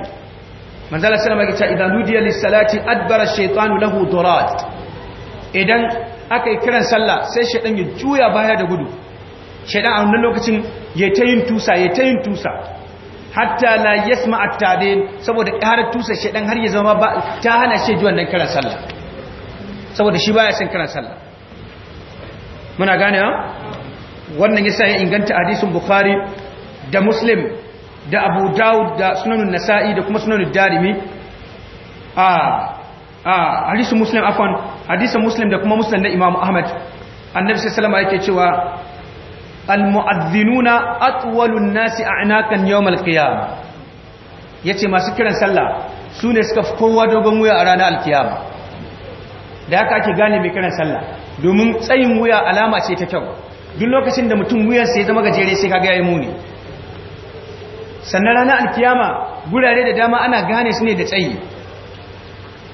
manzala salama ya ce idan nudiya lissalati adbara shaitanu lahu durat idan aka yi kiran sallah sai shaidan ya cuya baya da gudu shaidan a wannan lokacin ya ta yin tusa ya ta yin tusa hatta la yasma at-tadin saboda ƙarar tusa shaidan har ya zama ba ta hana shi ji wannan kiran sallah saboda shi baya son kiran sallah muna gane wannan yasa ya inganta hadisin bukhari da muslim da abu daud da sunanun nasa'i da kuma sunanun darimi a a hadisin muslim afan hadisin muslim da kuma muslim na imamu ahmad annabi sallallahu alaihi yake cewa al mu'adhdhinuna atwalun nasi a'nakan yawm al qiyamah yace masu kiran sallah sune suka fi kowa dogon wuya a ranar al da haka ake gane mai kiran sallah domin tsayin wuya alama ce ta kyau duk lokacin da mutum wuyar sai zama gajere sai kaga yayi muni sannan ranar alkiyama gurare da dama ana gane su ne da tsayi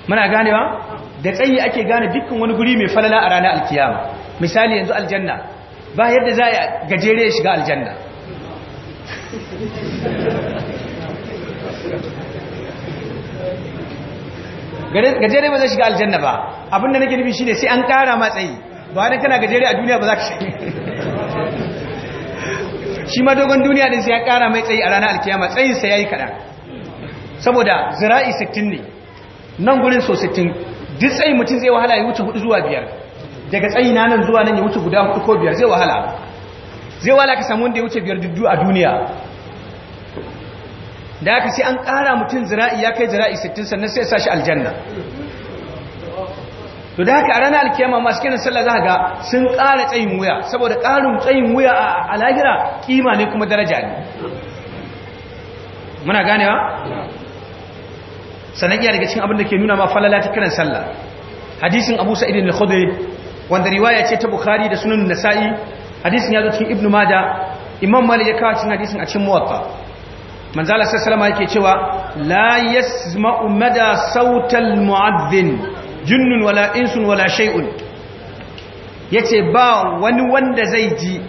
muna ganewa da tsayi ake gane dukkan wani guri mai falala a ranar alkiyama misali yanzu aljanna ba yadda za a gajere ya shiga aljanna gajere ba zai shiga aljanna ba abinda nake nufi shine sai an kara matsayi ba dan kana gajere a duniya ba za ka shiga shi ma dogon duniya din sai ya kara mai tsayi a ranar alkiyama tsayin sa yayi kada saboda zira'i 60 ne nan gurin so 60 duk tsayin mutum zai wahala ya wuce hudu zuwa biyar daga tsayi na nan zuwa nan ya wuce guda hudu ko biyar zai wahala zai wahala ka samu wanda ya wuce biyar duddu a duniya da aka sai an ƙara mutum zira'i ya kai zira'i sittin sannan sai sa shi aljanna to da aka a ranar alkiyama masu kiran sallah za ga sun ƙara tsayin wuya saboda ƙarin tsayin wuya a alagira ƙima ne kuma daraja ne muna ganewa sannan iya daga cikin abin da ke nuna ma falala ta kiran sallah hadisin abu sa'id al-khudri wanda riwaya ce ta bukhari da sunan nasa'i hadisin ya zo cikin ibnu majah imam malik ya kawo cikin hadisin a cikin muwatta manzala sassalama yake cewa la yasma'u mada sautal mu'adhdhin jinnun wala insun wala shay'un yace ba wani wanda zai ji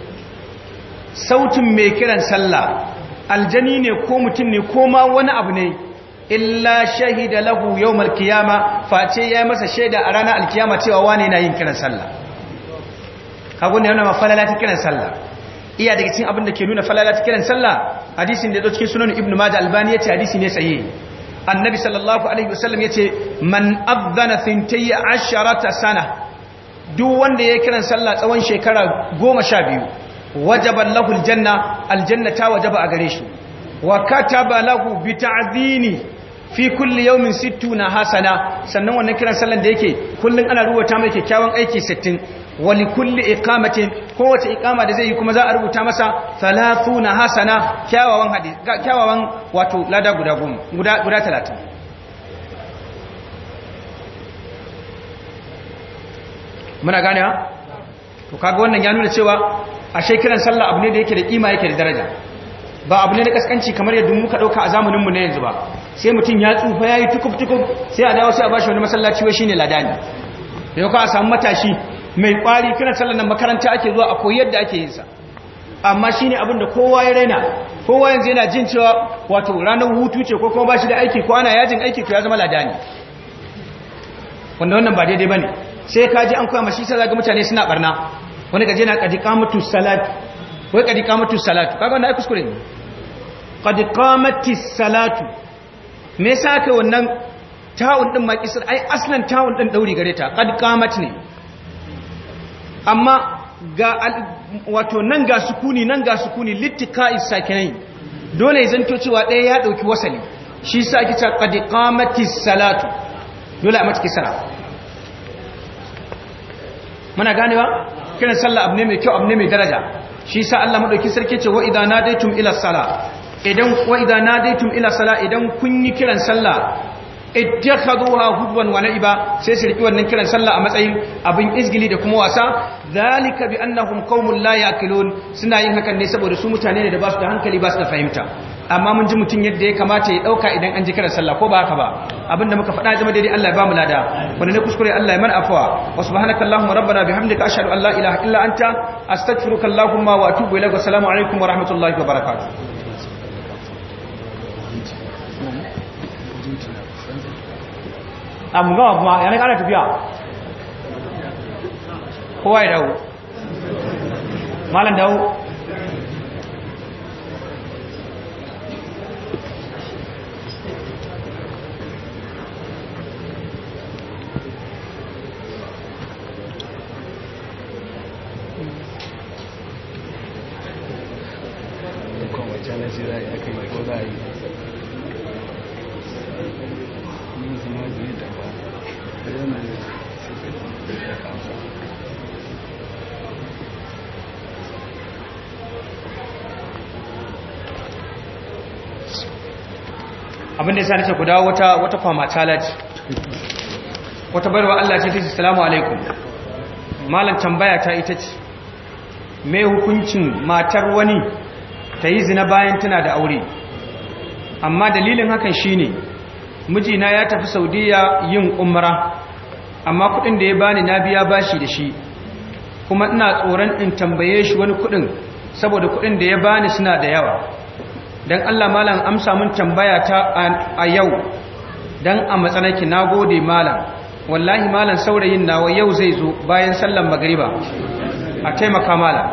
sautin mai kiran sallah aljani ne ko mutum ne ko ma wani abu ne illa shahida lahu yawmal qiyama face yayi masa shaida a ranar alkiyama cewa wane na yin kiran sallah kago ne yana mafalala ta kiran sallah iya daga cikin abin da ke nuna falala ta kiran sallah hadisin da ya cikin sunan ibnu majah albani yace hadisi ne tsaye annabi sallallahu alaihi wasallam yace man adhana thintay asharata sana duk wanda ya kiran sallah tsawon shekara 12 wajaba lahu aljanna aljanna ta wajaba a gare shi wa kataba lahu bi addini fi kulli yawmin 60 hasana sannan wannan kiran sallan da yake kullun ana rubuta mai kyakkyawan aiki sittin. wali kulli iqamatin kowace iqama da zai yi kuma za a rubuta masa 30 hasana kyawawan hadis kyawawan wato lada guda guda guda 30 muna gane ha to kaga wannan ya nuna cewa a shekaran sallah abu ne da yake da kima yake da daraja ba abu ne da kaskanci kamar yadda muka dauka a zamanin mu ne yanzu ba sai mutum ya tsufa yayi tukub tukub sai a dawo sai a bashi wani masallaci wai shine ladani yau ka samu matashi mai kwari kiran sallar nan makaranta ake zuwa a koyi yadda ake yin sa amma shi ne abinda kowa ya raina kowa yanzu yana jin cewa wato ranar hutu ce ko kuma ba shi da aiki ko ana yajin aiki to ya zama ladani wanda wannan ba daidai ba ne sai ka ji an koya ma shi sai ga mutane suna barna wani gaje na kadi qamatu salat wai kadi qamatu salat kaga wannan ai kuskure ne kadi salatu me yasa kai wannan tawun din ma kisar ai aslan tawun din dauri gare ta qad qamat ne amma ga wato nan ga sukuni nan ga sukuni littika'i sakinai dole ya zanto cewa ɗaya ya ɗauki wasali shi sa ake cewa qad qamatis salatu dole a mataki sala. muna ganewa kiran sallah abne mai kyau abne mai daraja shi sa Allah madauki sarki ce wa idza nadaitum ila sala idan wa idza nadaitum ila sala idan kun yi kiran sallah ittakhaduha hubwan wa na'iba sai su riki wannan kiran sallah a matsayin abin izgili da kuma wasa zalika bi annahum qaumun la yaqilun suna yin hakan ne saboda su mutane ne da ba su da hankali ba su da fahimta amma mun ji mutum yadda ya kamata ya dauka idan an ji kiran sallah ko ba haka ba abinda muka faɗa zama daidai Allah ya ba mu lada wanda ne kuskure Allah ya mana afwa wa subhanaka allahumma rabbana bihamdika ashhadu an la ilaha illa anta astaghfiruka allahumma wa atubu ilaik assalamu alaikum wa rahmatullahi wa barakatuh a mu gama kuma yana ƙara tafiya kowa ya dawo malam dawo da ya nace ku guda wata wata kwama wata barwa Allah ce ta ce salamu alaikum malam tambaya ta ita ce me hukuncin matar wani ta yi zina bayan tana da aure amma dalilin hakan shine mijina ya tafi saudiya yin umra amma kudin da ya bani na biya bashi da shi kuma ina tsoron in tambaye shi wani kudin saboda kudin da ya bani suna da yawa dan Allah malam amsa mun tambaya ta a yau dan a matsanaki nagode malam wallahi malam saurayin nawa yau zai zo bayan sallan magriba a taimaka malam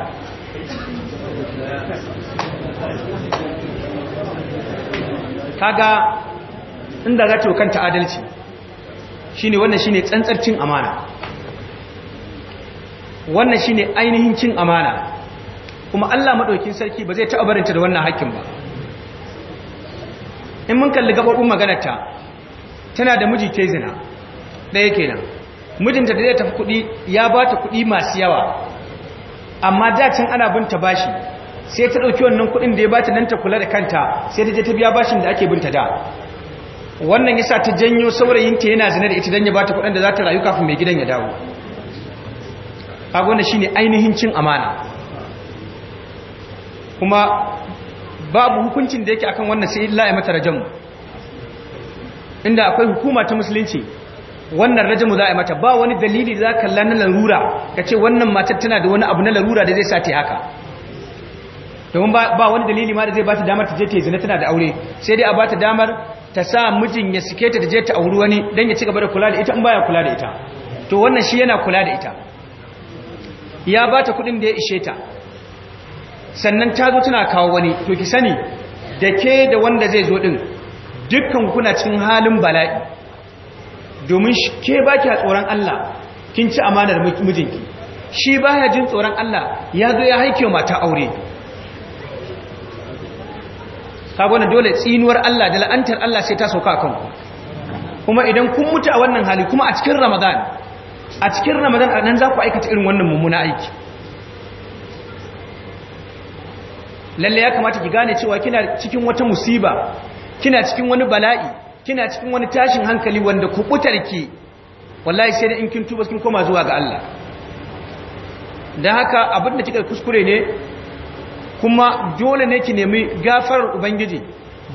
kaga inda za ta kanta adalci shine wannan shine tsantsar cin amana wannan shine ainihin cin amana kuma Allah madaukin sarki ba zai taɓa barinta da wannan hakkin ba in mun kalli gabobin maganar ta tana da miji ta zina ɗaya kenan mijinta da zai tafi kuɗi ya ba ta kuɗi masu yawa amma da can ana binta bashi sai ta ɗauki wannan kuɗin da ya ba ta nan ta kula da kanta sai ta je ta biya bashin da ake binta da wannan yasa ta janyo saurayin ta yana zina da ita dan ya ba ta kuɗin da za ta rayu kafin mai gidan ya dawo kaga shi shine ainihin cin amana kuma babu hukuncin da yake akan wannan sai illa ya mata rajamu inda akwai hukuma ta musulunci wannan rajamu za a mata ba wani dalili za ka na larura ka ce wannan matar tana da wani abu na larura da zai sa haka domin ba wani dalili ma da zai ba ta damar ta je ta zina tana da aure sai dai a ba ta damar ta sa mijin ya sike ta da je ta auri wani dan ya ci gaba da kula da ita in baya kula da ita to wannan shi yana kula da ita ya ba ta kuɗin da ya ishe ta sannan ta zo tana kawo wani to ki sani da ke da wanda zai zo din dukkan kuna cikin halin bala'i domin ke ba ki tsoron Allah kin ci amanar mijinki shi baya jin tsoron Allah ya zo ya haike mata aure Ka kaga dole tsinuwar Allah da la'antar Allah sai ta sauka kanku kuma idan kun mutu a wannan hali kuma a cikin Ramadan a cikin Ramadan nan za ku aikata irin wannan mummuna aiki lalle ya kamata ki gane cewa kina cikin wata musiba kina cikin wani bala'i kina cikin wani tashin hankali wanda ku kubutarki wallahi sai da in kin tuba kin koma zuwa ga Allah dan haka abin da kika kuskure ne kuma dole ne ki nemi gafarar ubangiji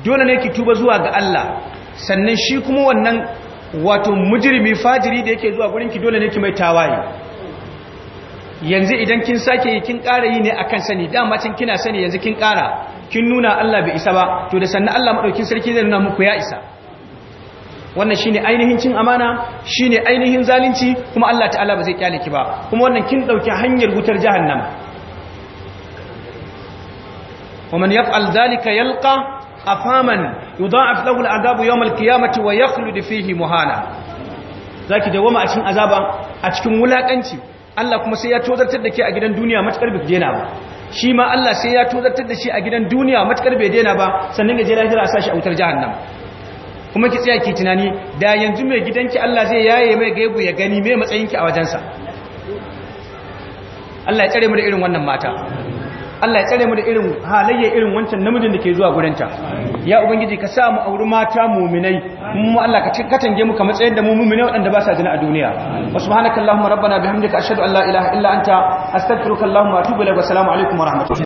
dole ne ki tuba zuwa ga Allah sannan shi kuma wannan wato mujrimi fajiri da yake zuwa gurin ki dole ne ki mai tawaye yanzu idan kin sake kin ƙara yi ne akan sani dama cin kina sani yanzu kin ƙara kin nuna Allah bai isa ba to da sannan Allah madaukin sarki zai nuna muku ya isa wannan ne ainihin cin amana shine ainihin zalunci kuma Allah ta'ala ba zai kyale ki ba kuma wannan kin ɗauki hanyar wutar jahannama ومن يفعل ذلك يلقى أفاما يضاعف له العذاب يوم القيامة ويخلد فيه مهانا ذاك دوما أشين أزابا أشكم ولا wulakanci. Allah kuma sai ya tozartar da ke a gidan duniya matuƙar bai daina ba shi ma Allah sai ya tozartar da shi a gidan duniya matuƙar bai daina ba sannan ya je lahira a sashi a wutar nan kuma ki tsaya ki tunani da yanzu mai gidanki Allah zai yaye mai gaibu ya gani mai matsayinki a wajensa Allah ya tsare mu da irin wannan mata Allah ya tsare mu da irin halayya irin wancan namijin da ke zuwa gurinta ya ubangiji ka sa mu auri mata mu'minai mu Allah ka katange mu kamar tsayar da mu mu'minai waɗanda ba sa jina a duniya subhanakallahumma rabbana bihamdika ashhadu an la ilaha illa anta astaghfiruka allahumma wa atubu ilaik assalamu alaikum wa rahmatullahi